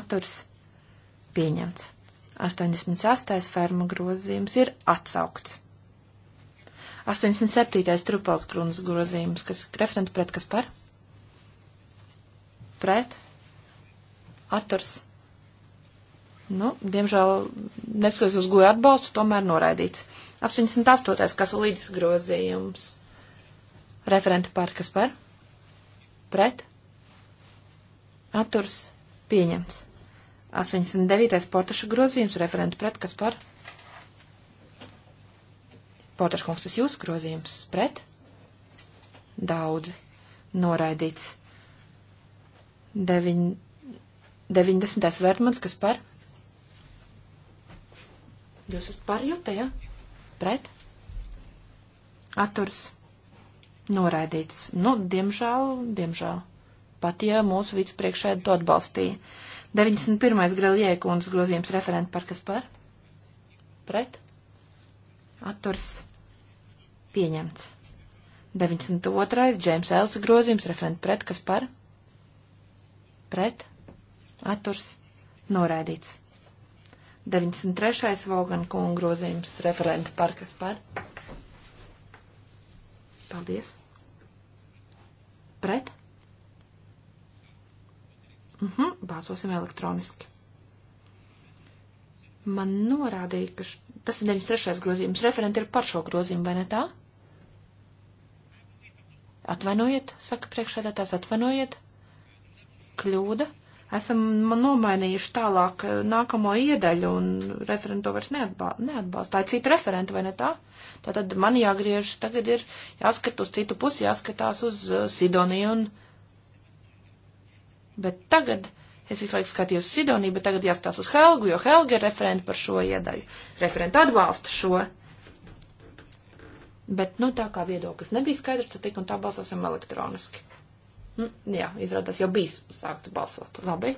Speaker 1: Atturs. Pieņemts. 88. fermu grozījums ir atsaukts. 87. trupals krunas grozījums, kas referenta pret kas par? Pret? Atturs? Nu, diemžēl, neskatoties uz goju atbalstu, tomēr noraidīts. 88. kas līdz grozījums. Referenta par kas par? Pret? Atturs? Pieņemts. 89. portašu grozījums. Referenta pret kas par? Pret? Portaškungs, tas jūsu grozījums pret? Daudzi. Noraidīts. 9, 90. vērtmans, kas par? Jūs esat parjūta, ja? Pret? Atturs. Noraidīts. Nu, diemžēl, diemžēl. Pat ja mūsu vicepriekšēdi to atbalstīja. 91. Greliekundas grozījums referenta par kas par? Pret? Atturs Pieņemts. 92. Džeims Elsa grozījums referenta pret, kas par? Pret. Atturs. Noraidīts. 93. Vaugan kunga grozījums referenta par, kas par? Paldies. Pret. Mhm, uh -huh, balsosim elektroniski. Man norādīja, ka š... tas ir 93. grozījums. Referenti ir par šo grozījumu, vai ne tā? Atvainojiet, saka priekšsēdētājs, atvainojiet. Kļūda. Esam nomainījuši tālāk eh, nākamo iedaļu un referentu vairs neatbalsta. neatbalsta. Tā ir cita referenta, vai ne tā? Tātad man jāgriežas, tagad ir jāskat uz citu pusi, jāskatās uz eh, Sidoniju un. Bet tagad es visu laiku skatījos uz Sidoniju, bet tagad jāskatās uz Helgu, jo Helga ir referenta par šo iedaļu. Referenta atbalsta šo. Uh, Bet, nu, tā kā viedoklis nebija skaidrs, tad tik un tā balsosim elektroniski. Nu, jā, izrādās jau bijis sāktu balsot. Labi.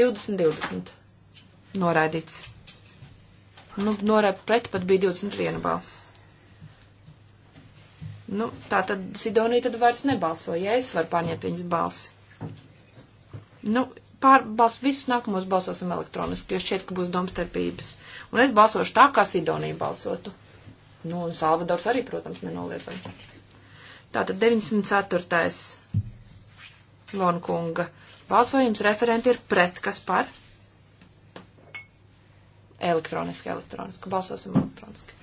Speaker 1: 20, 20. Noraidīts. Nu, noraid pret pat bija 21 balss. Nu, tā tad Sidonija tad vairs nebalsoja, ja es varu pārņemt viņas balsi. Nu, pārbals visus nākamos balsosim elektroniski, jo šķiet, ka būs domstarpības. Un es balsošu tā, kā Sidonija balsotu. Nu, un Salvadors arī, protams, nenoliedzam. Tātad 904. Lonkunga balsojums referenti ir pret, kas par? Elektroniski, elektroniski. Balsosim elektroniski.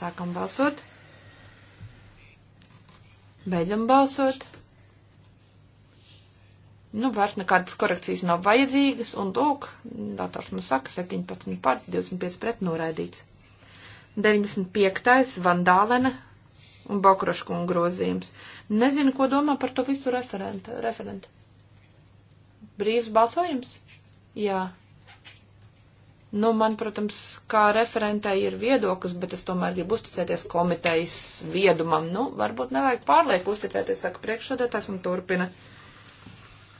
Speaker 1: Sākam balsot. Beidzam balsot. Nu, vairs nekādas korekcijas nav vajadzīgas, un lūk, dators man saka, 17 pār 25 pret noraidīts. 95. Vandālene un Bokroškunga grozījums. Nezinu, ko domā par to visu referenta. referenta. Brīvs balsojums? Jā. Nu, man, protams, kā referentai ir viedoklis, bet es tomēr gribu uzticēties komitejas viedumam. Nu, varbūt nevajag pārlieku uzticēties, saka priekšsēdētājs un turpina.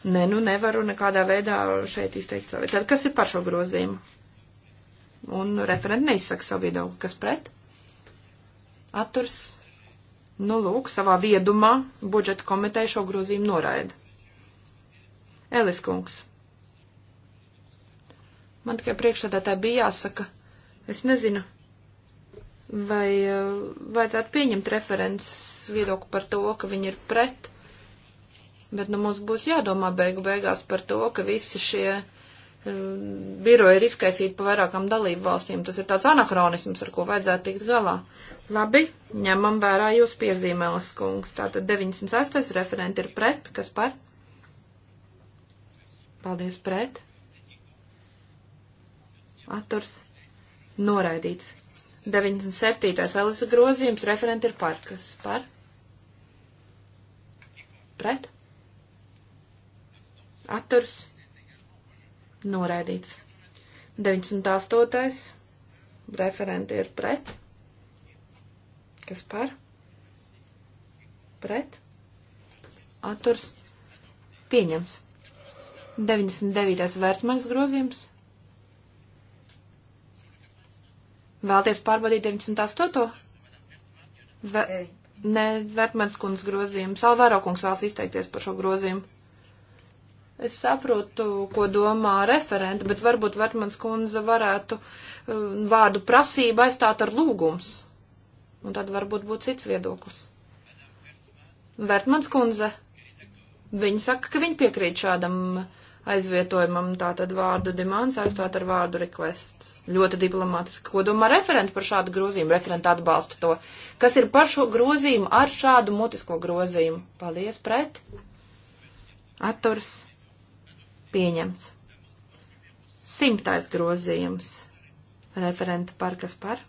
Speaker 1: Nē, ne, nu nevaru nekādā veidā šeit izteikt savu. Tad kas ir par šo grozījumu? Un referenti neizsaka savu viedokli. Kas pret? Atturs. Nu, lūk, savā viedumā budžeta komiteja šo grozījumu noraida. Elis kungs. Man tikai priekšsēdētāji bija jāsaka, es nezinu, vai eh, vajadzētu pieņemt referents viedokli par to, ka viņi ir pret, bet nu mums būs jādomā beigu beigās par to, ka visi šie biroja ir izkaisīta pa vairākām dalību valstīm. Tas ir tāds anahronisms, ar ko vajadzētu tikt galā. Labi, ņemam vērā jūs piezīmēlas, kungs. Tātad 908 referenti ir pret, kas par? Paldies, pret. Atturs noraidīts. 97. Elisa grozījums referenti ir par, kas par? Pret. Atturs noraidīts noraidīts. 98. referenti ir pret. Kas par? Pret. Atturs pieņems. 99. vērtmaņas grozījums. Vēlties pārbaudīt 98. Vē... Nē, Vērtmanis kundz grozījums. Alvaro kungs vēlas izteikties par šo grozījumu. Es saprotu, ko domā referenta, bet varbūt Vertmans kundze varētu um, vārdu prasību aizstāt ar lūgums. Un tad varbūt būtu cits viedoklis. Vertmans kundze, viņa saka, ka viņa piekrīt šādam aizvietojumam, tātad vārdu demands aizstāt ar vārdu requests. Ļoti diplomātiski. Ko domā referenti par šādu grozījumu? Referenti atbalsta to. Kas ir par šo grozījumu ar šādu mutisko grozījumu? Paldies pret. Atturs Pieņemts. Simtais grozījums. Referenta par kas par?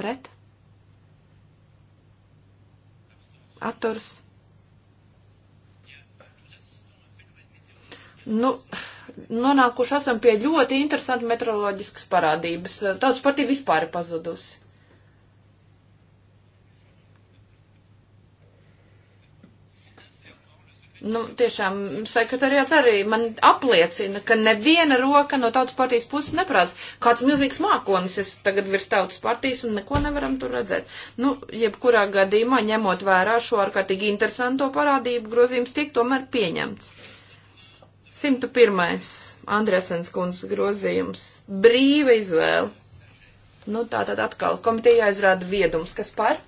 Speaker 1: Pret? Atturs? Nu, nonākuši esam pie ļoti interesanta metroloģiskas parādības. Tautas partija vispār ir pazudusi. Nu, tiešām sekretariāts arī man apliecina, ka neviena roka no tautas partijas puses neprasa. Kāds milzīgs mākonis es tagad virs tautas partijas un neko nevaram tur redzēt. Nu, jebkurā gadījumā, ņemot vērā šo ārkārtīgi interesanto parādību, grozījums tiek tomēr pieņemts. 101. Andresens kundzes grozījums. Brīva izvēle. Nu, tā tad atkal komitejā izrāda viedums, kas par?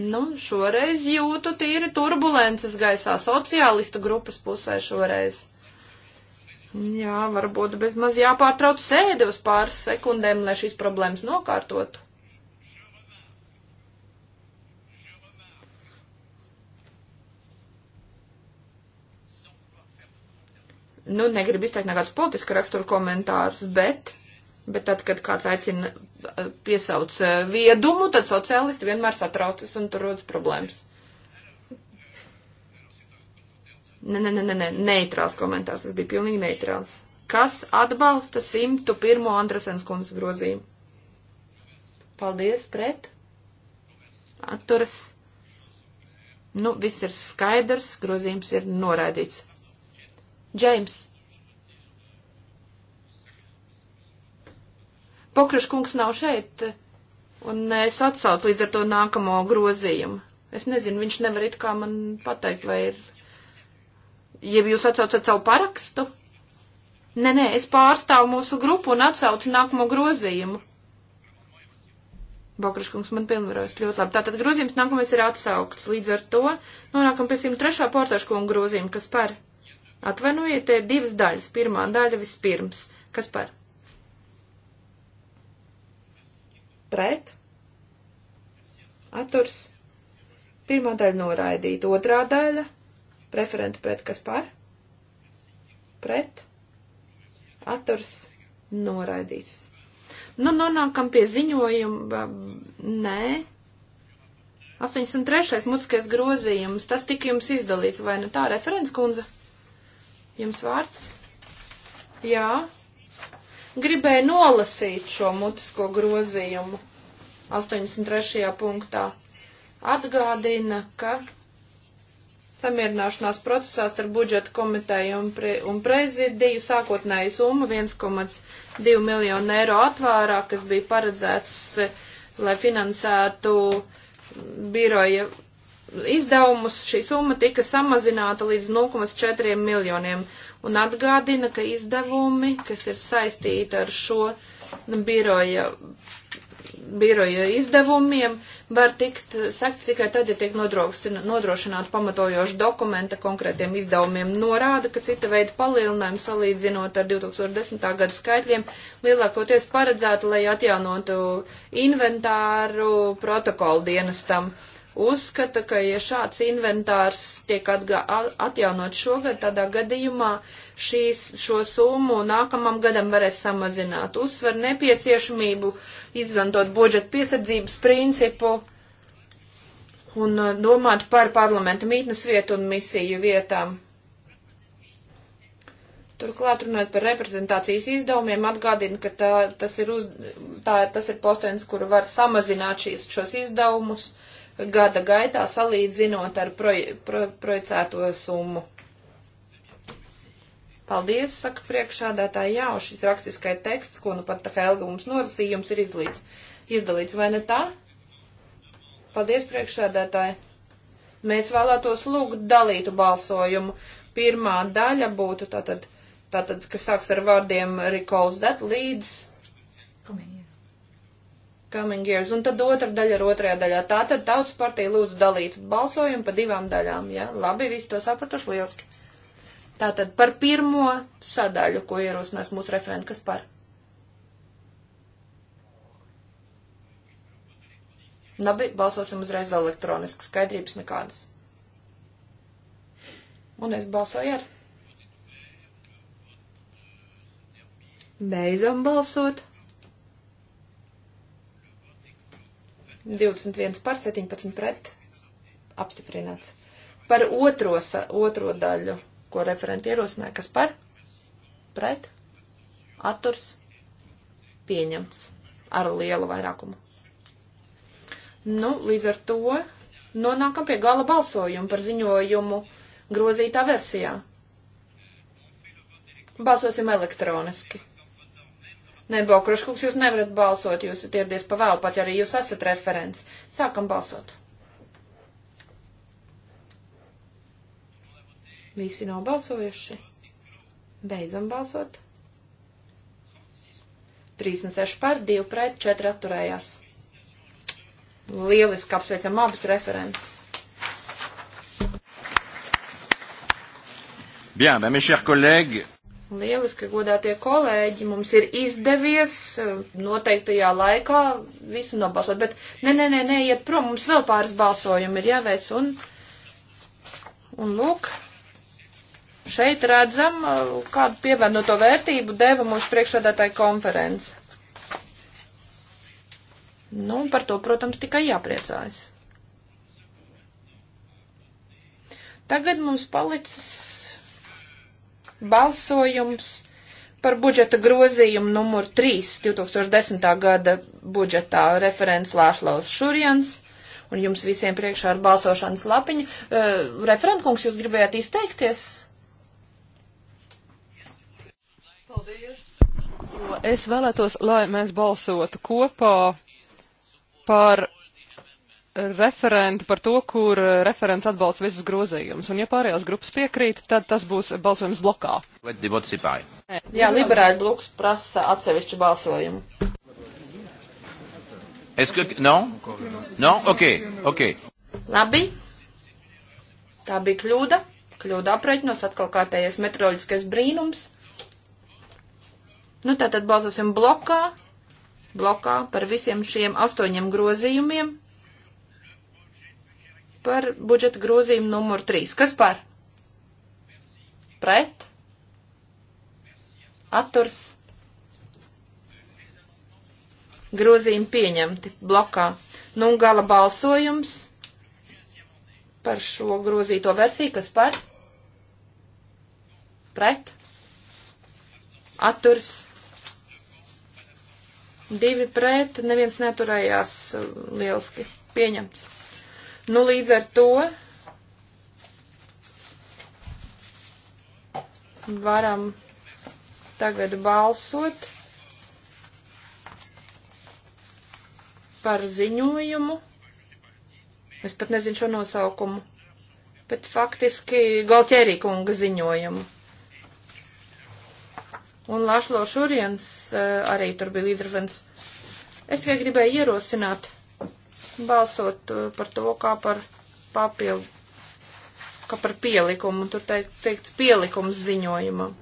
Speaker 1: Nu, šoreiz jūtu tīri turbulences gaisā sociālistu grupas pusē šoreiz. Jā, varbūt bez maz jāpārtrauc sēdi uz pāris sekundēm, lai šīs problēmas nokārtotu. Nu, negribu izteikt nekādus politisku raksturu komentārus, bet Bet tad, kad kāds aicina eh, piesauc eh, viedumu, tad sociālisti vienmēr satraucas un tur rodas problēmas. Nē, nē, nē, nē, ne, neitrāls komentārs, tas bija pilnīgi neitrāls. Kas atbalsta 101. Andresens kundzes grozījumu? Paldies, pret. Atturas. Nu, viss ir skaidrs, grozījums ir noraidīts. Džeims, Pokriškungs nav šeit, un es atsaucu līdz ar to nākamo grozījumu. Es nezinu, viņš nevar it kā man pateikt, vai ir. Ja jūs atsaucat savu parakstu? Nē, nē, es pārstāvu mūsu grupu un atsaucu nākamo grozījumu. Bokraškungs man pilnvarojas ļoti labi. Tātad grozījums nākamais ir atsaukts. Līdz ar to nonākam pie 103. portaškunga grozījuma, kas par. Atvainojiet, te ir divas daļas. Pirmā daļa vispirms. Kas par? pret, atturs, pirmā daļa noraidīta, otrā daļa, referenta pret, kas par, pret, atturs, noraidīts. Nu, nonākam pie ziņojuma, nē, 83. mutiskais grozījums, tas tika jums izdalīts, vai ne nu tā, referents kundze? Jums vārds? Jā, gribēju nolasīt šo mutisko grozījumu 83. punktā. Atgādina, ka samierināšanās procesā starp budžeta komiteju un, pre, un prezidiju sākotnēji summa 1,2 miljonu eiro atvērā, kas bija paredzēts, e, lai finansētu biroja izdevumus. Šī summa tika samazināta līdz 0,4 miljoniem eiro un atgādina, ka izdevumi, kas ir saistīti ar šo biroja, biroja izdevumiem, var tikt sekt tikai tad, ja tiek nodrošināta pamatojoša dokumenta konkrētiem izdevumiem. Norāda, ka cita veida palielinājumu salīdzinot ar 2010. gada skaitļiem lielākoties paredzēta, lai atjaunotu inventāru protokolu dienestam. Uh, uzskata, ka ja šāds inventārs tiek atgā, atjaunot šogad, tādā gadījumā šīs, šo summu nākamam gadam varēs samazināt. Uzsver nepieciešamību izmantot budžeta piesardzības principu un uh, domāt par parlamenta mītnes vietu un misiju vietām. Turklāt runājot par reprezentācijas izdevumiem, atgādina, ka tā, tas, ir uz, tā, tas ir postenis, kuru var samazināt šīs, šos izdevumus. Uh, gada gaitā salīdzinot ar proje, pro, projicēto summu. Paldies, saka priekšādātāji, jā, šis rakstiskai teksts, ko nu pat tā Helga mums norasīja, jums ir izdalīts, izdalīts, vai ne tā? Paldies, priekšādātāji. Mēs vēlētos lūgt dalītu balsojumu. Pirmā daļa būtu tātad, tātad kas sāks ar vārdiem recalls that leads. Komīgi Coming years. Un tad otra daļa ar otrajā daļā. Tā tad tautas partija lūdz dalīt balsojumu pa divām daļām, ja? Labi, visi to sapratuši lieliski. Tātad par pirmo sadaļu, ko ierosinās mūsu referenti, kas par? Labi, balsosim uzreiz elektroniski, skaidrības nekādas. Un es balsoju ar. Beidzam balsot. 21 par 17 pret apstiprināts. Par otro, otro daļu, ko referenti ierosināja, kas par pret atturs pieņemts ar lielu vairākumu. Nu, līdz ar to nonākam pie gala balsojuma par ziņojumu grozītā versijā. Balsosim elektroniski. Nē, Bokruškungs, jūs nevarat balsot, jūs esat ieradies pa vēlu, pat ja arī jūs esat referents. Sākam balsot. Visi nobalsojuši. Beidzam balsot. 36 par, 2 pret, 4 atturējās. Lieliski apsveicam abus referents.
Speaker 3: Bien, ben, mes chers collègues.
Speaker 1: Lieliski, godātie kolēģi, mums ir izdevies eh, noteiktajā laikā visu nobalsot, bet nē, nē, nē, neiet prom, mums vēl pāris balsojumi ir jāveic, un, un lūk, šeit redzam, eh, kādu pievienoto vērtību deva mūsu priekšādātāja konference. Nu, par to, protams, tikai jāpriecājas. Tagad mums palicis balsojums par budžeta grozījumu numur 3 2010. gada budžetā referents Lāršlaus Šurjans. Un jums visiem priekšā ir balsošanas lapiņa. Uh, eh, referentkungs, jūs gribējāt izteikties?
Speaker 3: Paldies. Jo es vēlētos, lai mēs balsotu kopā par referentu par to, kur eh, referents atbalsta visus grozījumus. Un ja pārējās grupas piekrīt, tad tas būs balsojums blokā.
Speaker 1: Jā, liberāļu bloks prasa atsevišķu balsojumu. Es, ka, no? No? Ok, ok. Labi. Tā bija kļūda. Kļūda apreķinos, atkal kārtējies meteoroloģiskais brīnums. Nu, tātad balsosim blokā, blokā par visiem šiem astoņiem grozījumiem, par budžeta grozījumu numur 3. Kas par? Pret? Atturs? Grozījumi pieņemti blokā. Nu un gala balsojums par šo grozīto versiju. Kas par? Pret? Atturs? Divi pret, neviens neturējās uh, lieliski pieņemts. Nu, līdz ar to varam tagad balsot par ziņojumu. Es pat nezinu šo nosaukumu, bet faktiski Galķērī kunga ziņojumu. Un Lašlo Šuriens eh, arī tur bija līdzrevens. Es tikai gribēju ierosināt balsot uh, par to, kā par papildu, kā par pielikumu, un tur teikt, teikts pielikums ziņojumam.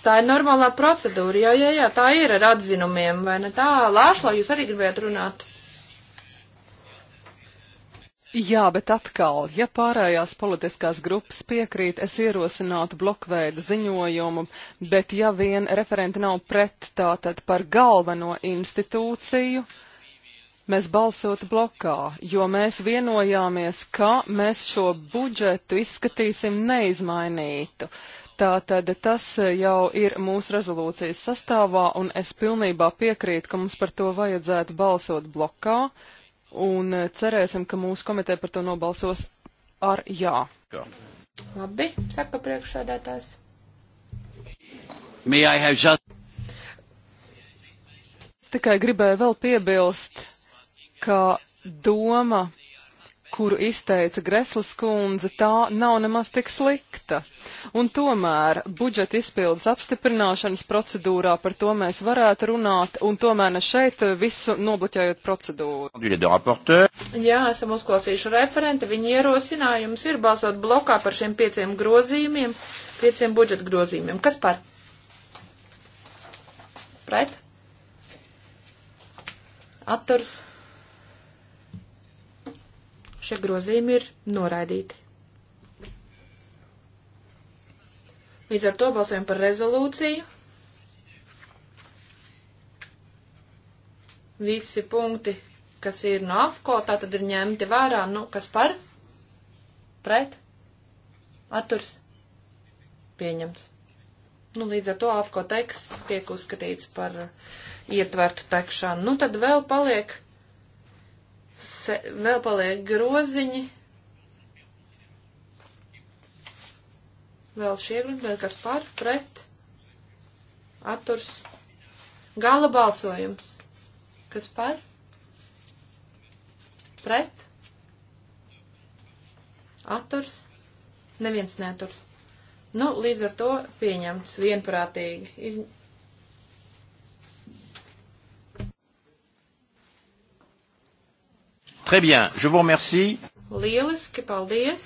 Speaker 1: Tā ir normālā procedūra, jā, jā, jā, tā ir ar atzinumiem, vai ne tā? Lāšlā, jūs arī gribējāt runāt?
Speaker 3: Jā, bet atkal, ja pārējās politiskās grupas piekrīt, es ierosinātu blokveida ziņojumu, bet ja vien referenti nav pret tātad par galveno institūciju, mēs balsotu blokā, jo mēs vienojāmies, ka mēs šo budžetu izskatīsim neizmainītu. Tātad tas jau ir mūsu rezolūcijas sastāvā, un es pilnībā piekrītu, ka mums par to vajadzētu balsot blokā, un eh, cerēsim, ka mūsu komiteja par to nobalsos ar jā. jā.
Speaker 1: Labi, saka priekšsēdētājs.
Speaker 3: Es tikai gribēju vēl piebilst, ka doma kuru izteica Greslas kundze, tā nav nemaz tik slikta. Un tomēr budžeta izpildes apstiprināšanas procedūrā par to mēs varētu runāt, un tomēr ne šeit visu nobloķējot procedūru. Jā,
Speaker 1: esam uzklausījuši referenti, viņa ierosinājums ir balsot blokā par šiem pieciem grozījumiem, pieciem budžeta grozījumiem. Kas par? Pret? Atturs? Šie grozījumi ir noraidīti. Līdz ar to balsojam par rezolūciju. Visi punkti, kas ir no AFCO, tā tad ir ņemti vērā. Nu, kas par? Pret? Atturs? Pieņemts. Nu, līdz ar to AFCO teksts tiek uzskatīts par ietvertu tekšanu. Nu, tad vēl paliek Se, vēl paliek groziņi. Vēl šie grunbēl, kas par, pret, atturs. Gala balsojums. Kas par? Pret? Atturs? Neviens neturs. Nu, līdz ar to pieņemts vienprātīgi. Iz...
Speaker 3: Très bien, je vous
Speaker 1: remercie. Lieliski, paldies.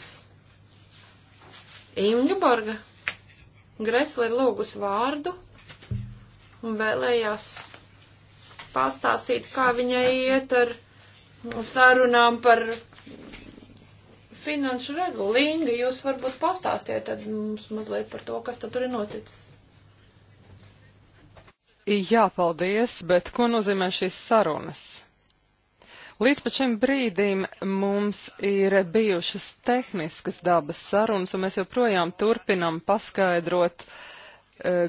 Speaker 1: Ingeborga Gresla ir lūgus vārdu un vēlējās pastāstīt, kā viņai iet ar sarunām par finanšu regulu. Inga, jūs varbūt pastāstiet tad mums mazliet par to, kas tad tur ir noticis.
Speaker 3: Jā, paldies, bet ko nozīmē šīs sarunas? Līdz pat šim brīdim mums ir bijušas tehniskas dabas sarunas, un mēs joprojām turpinam paskaidrot e,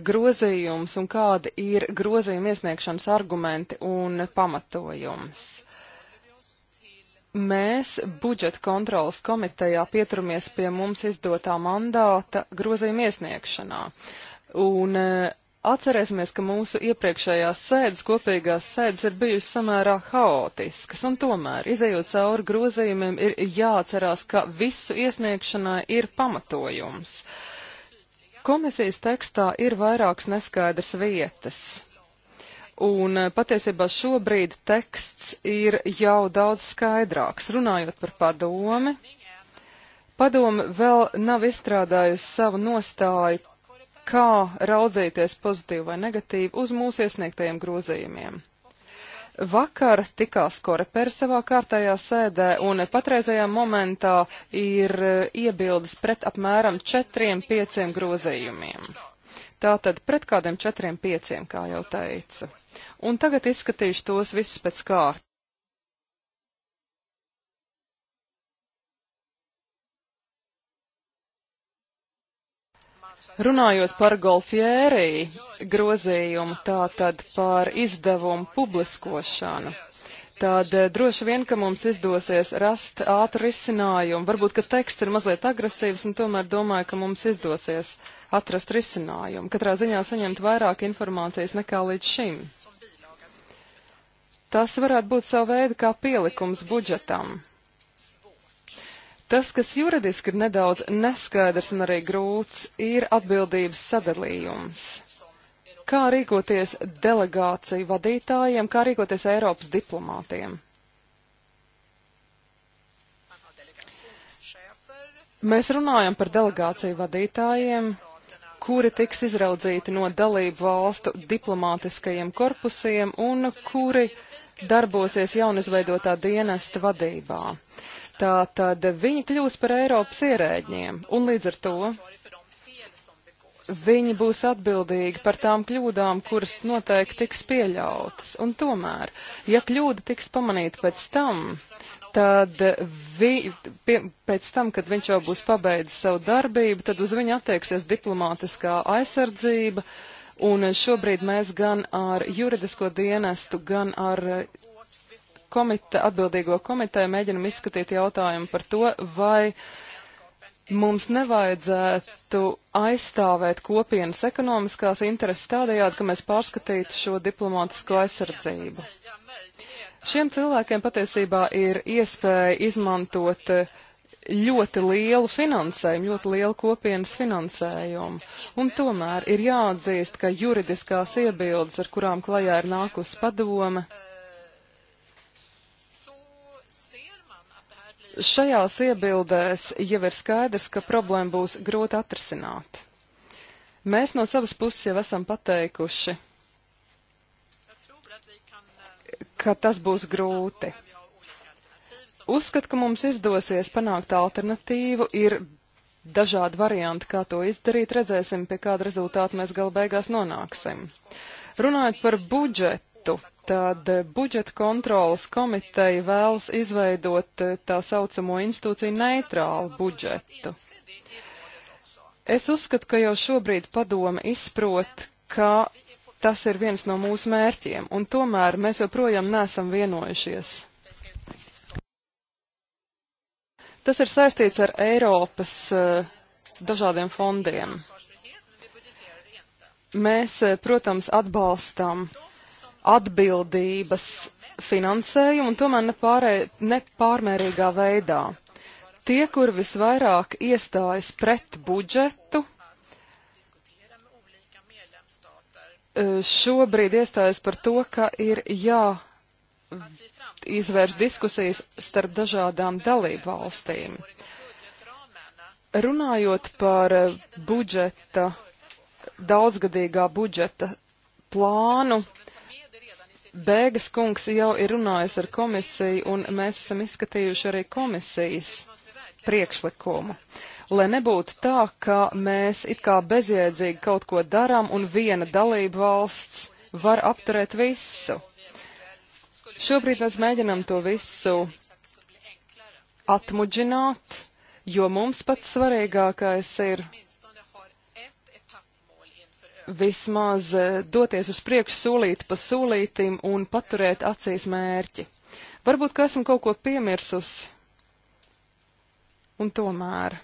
Speaker 3: grozījums un kādi ir grozījuma iesniegšanas argumenti un pamatojums. Mēs budžeta kontrolas komitejā pieturamies pie mums izdotā mandāta grozījuma iesniegšanā. Un e, Atcerēsimies, ka mūsu iepriekšējās sēdes, kopīgās sēdes ir bijusi samērā haotiskas, un tomēr, izējot cauri grozījumiem, ir jāatcerās, ka visu iesniegšanai ir pamatojums. Komisijas tekstā ir vairākas neskaidras vietas. Un eh, patiesībā šobrīd teksts ir jau daudz skaidrāks. Runājot par padomi, padomi vēl nav izstrādājusi savu nostāju kā raudzīties pozitīvi vai negatīvi uz mūsu iesniegtajiem grozījumiem. Vakar tikās Koreper savā kārtējā sēdē, un patreizajā momentā ir iebildes pret apmēram 4-5 grozījumiem. Tātad pret kādiem 4-5, kā jau teica. Un tagad izskatīšu tos visus pēc kārt. Runājot par golfjērī grozījumu, tātad par izdevumu publiskošanu, tad eh, droši vien, ka mums izdosies rast ātru risinājumu. Varbūt, ka teksts ir mazliet agresīvs, un tomēr domāju, ka mums izdosies atrast risinājumu. Katrā ziņā saņemt vairāk informācijas nekā līdz šim. Tas varētu būt savu veidu kā pielikums budžetam. Tas, kas juridiski ir nedaudz neskaidrs un arī grūts, ir atbildības sadalījums. Kā rīkoties delegāciju vadītājiem, kā rīkoties Eiropas diplomātiem? Mēs runājam par delegāciju vadītājiem, kuri tiks izraudzīti no dalību valstu diplomātiskajiem korpusiem un kuri darbosies jaunizveidotā dienesta vadībā. Tā tad viņi kļūs par Eiropas ierēģiem, un līdz ar to viņi būs atbildīgi par tām kļūdām, kuras noteikti tiks pieļautas. Un tomēr, ja kļūda tiks pamanīta pēc tam, tad vi, pie, pēc tam, kad viņš jau būs pabeidzis savu darbību, tad uz viņu attieksies diplomātiskā aizsardzība. Un šobrīd mēs gan ar juridisko dienestu, gan ar komite, atbildīgo komiteju mēģinam izskatīt jautājumu par to, vai mums nevajadzētu aizstāvēt kopienas ekonomiskās intereses tādējādi, ka mēs pārskatītu šo diplomātisko aizsardzību. Šiem cilvēkiem patiesībā ir iespēja izmantot eh, ļoti lielu finansējumu, ļoti lielu kopienas finansējumu. Un tomēr ir jāatzīst, ka juridiskās iebildes, ar kurām klajā ir nākus padome, Šajās iebildēs jau ir skaidrs, ka problēma būs grūti atrisināt. Mēs no savas puses jau esam pateikuši, ka tas būs grūti. Uzskat, ka mums izdosies panākt alternatīvu, ir dažādi varianti, kā to izdarīt, redzēsim, pie kāda rezultāta mēs gal beigās nonāksim. Runājot par budžetu, citu, tad eh, budžeta kontrolas komiteja vēlas izveidot eh, tā saucamo institūciju neitrālu budžetu. Es uzskatu, ka jau šobrīd padome izprot, ka tas ir viens no mūsu mērķiem, un tomēr mēs joprojām nesam vienojušies. Tas ir saistīts ar Eiropas uh, dažādiem fondiem. Mēs, protams, atbalstam uh, atbildības finansējumu un tomēr nepārē, nepārmērīgā veidā. Tie, kur visvairāk iestājas pret budžetu, e, šobrīd iestājas par to, ka ir jā izvērš diskusijas starp dažādām dalību valstīm. Runājot par budžeta, daudzgadīgā budžeta plānu, uh, Bēgas kungs jau ir runājis ar komisiju, un mēs esam izskatījuši arī komisijas priekšlikumu. Lai nebūtu tā, ka mēs it kā bezjēdzīgi kaut ko darām, un viena dalība valsts var apturēt visu. Šobrīd mēs mēģinām to visu atmuģināt, jo mums pats svarīgākais ir vismaz eh, doties uz priekšu solīti pa solītim un paturēt acīs mērķi. Varbūt, ka esam kaut ko piemirsusi. Un tomēr.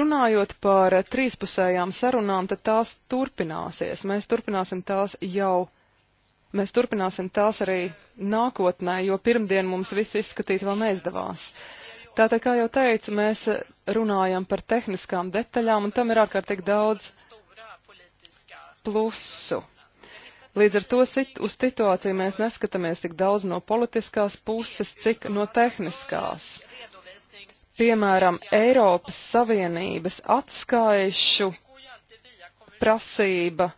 Speaker 3: Runājot par trīspusējām sarunām, tad tās turpināsies. Mēs turpināsim tās jau, mēs turpināsim tās arī nākotnē, jo pirmdien mums visu izskatīt vēl neizdevās. Tātad, kā jau teicu, mēs runājam par tehniskām detaļām, un tam ir ārkārtīgi daudz plusu. Līdz ar to sit, uz situāciju mēs neskatāmies tik daudz no politiskās puses, cik no tehniskās. Piemēram, Eiropas Savienības atskaišu prasība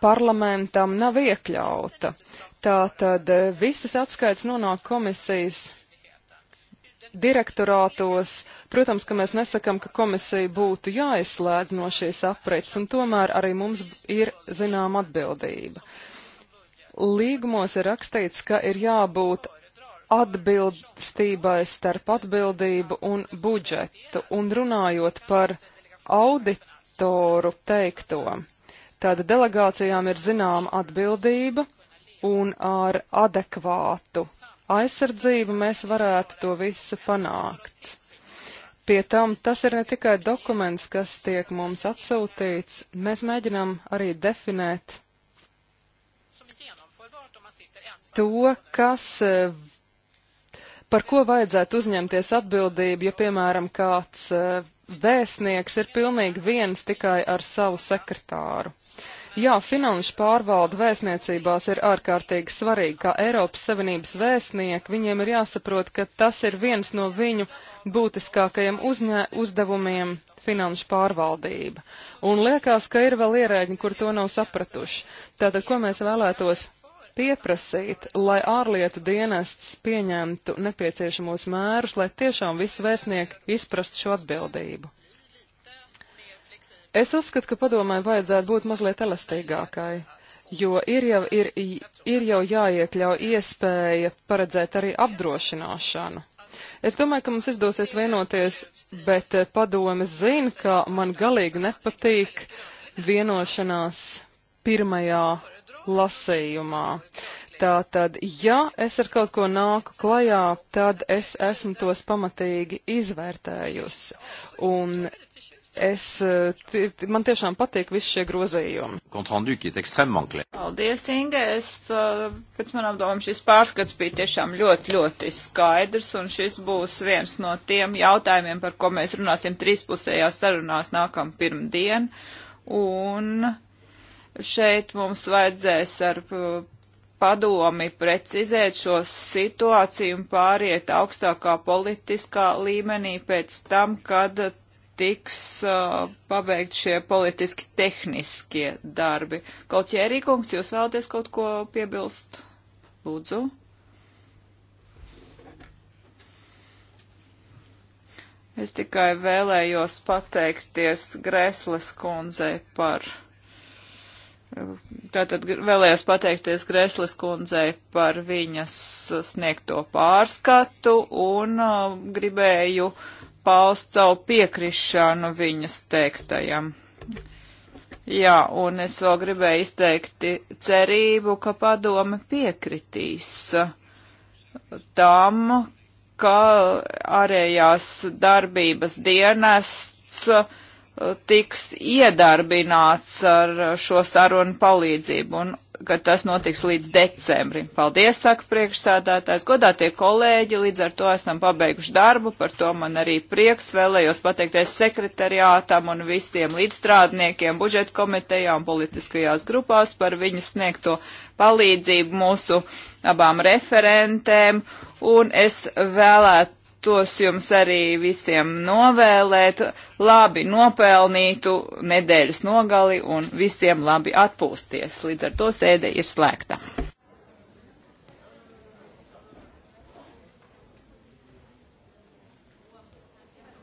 Speaker 3: parlamentam nav iekļauta. Tātad visas atskaites nonāk komisijas direktorātos. Protams, ka mēs nesakam, ka komisija būtu jāizslēdz no šīs aprits, un tomēr arī mums ir zinām atbildība. Līgumos ir rakstīts, ka ir jābūt atbildstībai starp atbildību un budžetu, un runājot par auditoru teikto. Tāda delegācijām ir zināma atbildība un ar adekvātu aizsardzību mēs varētu to visu panākt. Pie tam tas ir ne tikai dokuments, kas tiek mums atsūtīts, mēs mēģinām arī definēt to, kas, par ko vajadzētu uzņemties atbildību, ja, piemēram, kāds vēstnieks ir pilnīgi viens tikai ar savu sekretāru. Uh, Jā, finanšu pārvalda vēstniecībās ir ārkārtīgi svarīgi, kā Eiropas Savienības vēstnieki, viņiem ir jāsaprot, ka tas ir viens no viņu būtiskākajiem uzņē, uzdevumiem finanšu pārvaldība. Un liekas, ka ir vēl ierēģi, kur to nav sapratuši. Tātad, ko mēs vēlētos pieprasīt, lai ārlietu dienests pieņemtu nepieciešamos mērus, lai tiešām visi vēstnieki izprastu šo atbildību. Es uzskatu, ka padomai vajadzētu būt mazliet elastīgākai jo ir jau, ir, ir jau jāiekļauj iespēja paredzēt arī apdrošināšanu. Es domāju, ka mums izdosies vienoties, bet padome zina, ka man galīgi nepatīk vienošanās pirmajā lasījumā. Tātad, ja es ar kaut ko nāku klajā, tad es esmu tos pamatīgi izvērtējusi. Un Es, eh, man tiešām patīk visi šie grozījumi.
Speaker 2: Paldies, Inge. Es, eh, pēc manām domām, šis pārskats bija tiešām ļoti, ļoti skaidrs, un šis būs viens no tiem jautājumiem, par ko mēs runāsim trīspusējās sarunās nākam pirmdien. Un šeit mums vajadzēs ar eh, padomi precizēt šo situāciju un pāriet augstākā politiskā līmenī pēc tam, kad tiks uh, pabeigt šie politiski tehniskie darbi. Kaut ķērīkungs, jūs vēlaties kaut ko piebilst? Lūdzu. Es tikai vēlējos pateikties Gresles kundzei par. Tātad vēlējos pateikties Gresles kundzei par viņas sniegto pārskatu un uh, gribēju uh, paust savu piekrišanu viņas teiktajam. Jā, un es vēl gribēju izteikt cerību, ka padome piekritīs tam, ka ārējās darbības dienests uh, tiks iedarbināts ar šo sarunu palīdzību. Un ka tas notiks līdz decembrim. Paldies, saka priekšsādātājs. Godātie kolēģi, līdz ar to esam pabeiguši darbu, par to man arī prieks. Vēlējos pateikties sekretariātam un visiem līdzstrādniekiem budžeta komitejā un politiskajās grupās par viņu sniegto palīdzību mūsu abām referentēm. Un es vēlētu vēlētos jums arī visiem novēlēt labi nopelnītu nedēļas nogali un visiem labi atpūsties. Līdz ar to sēde ir slēgta.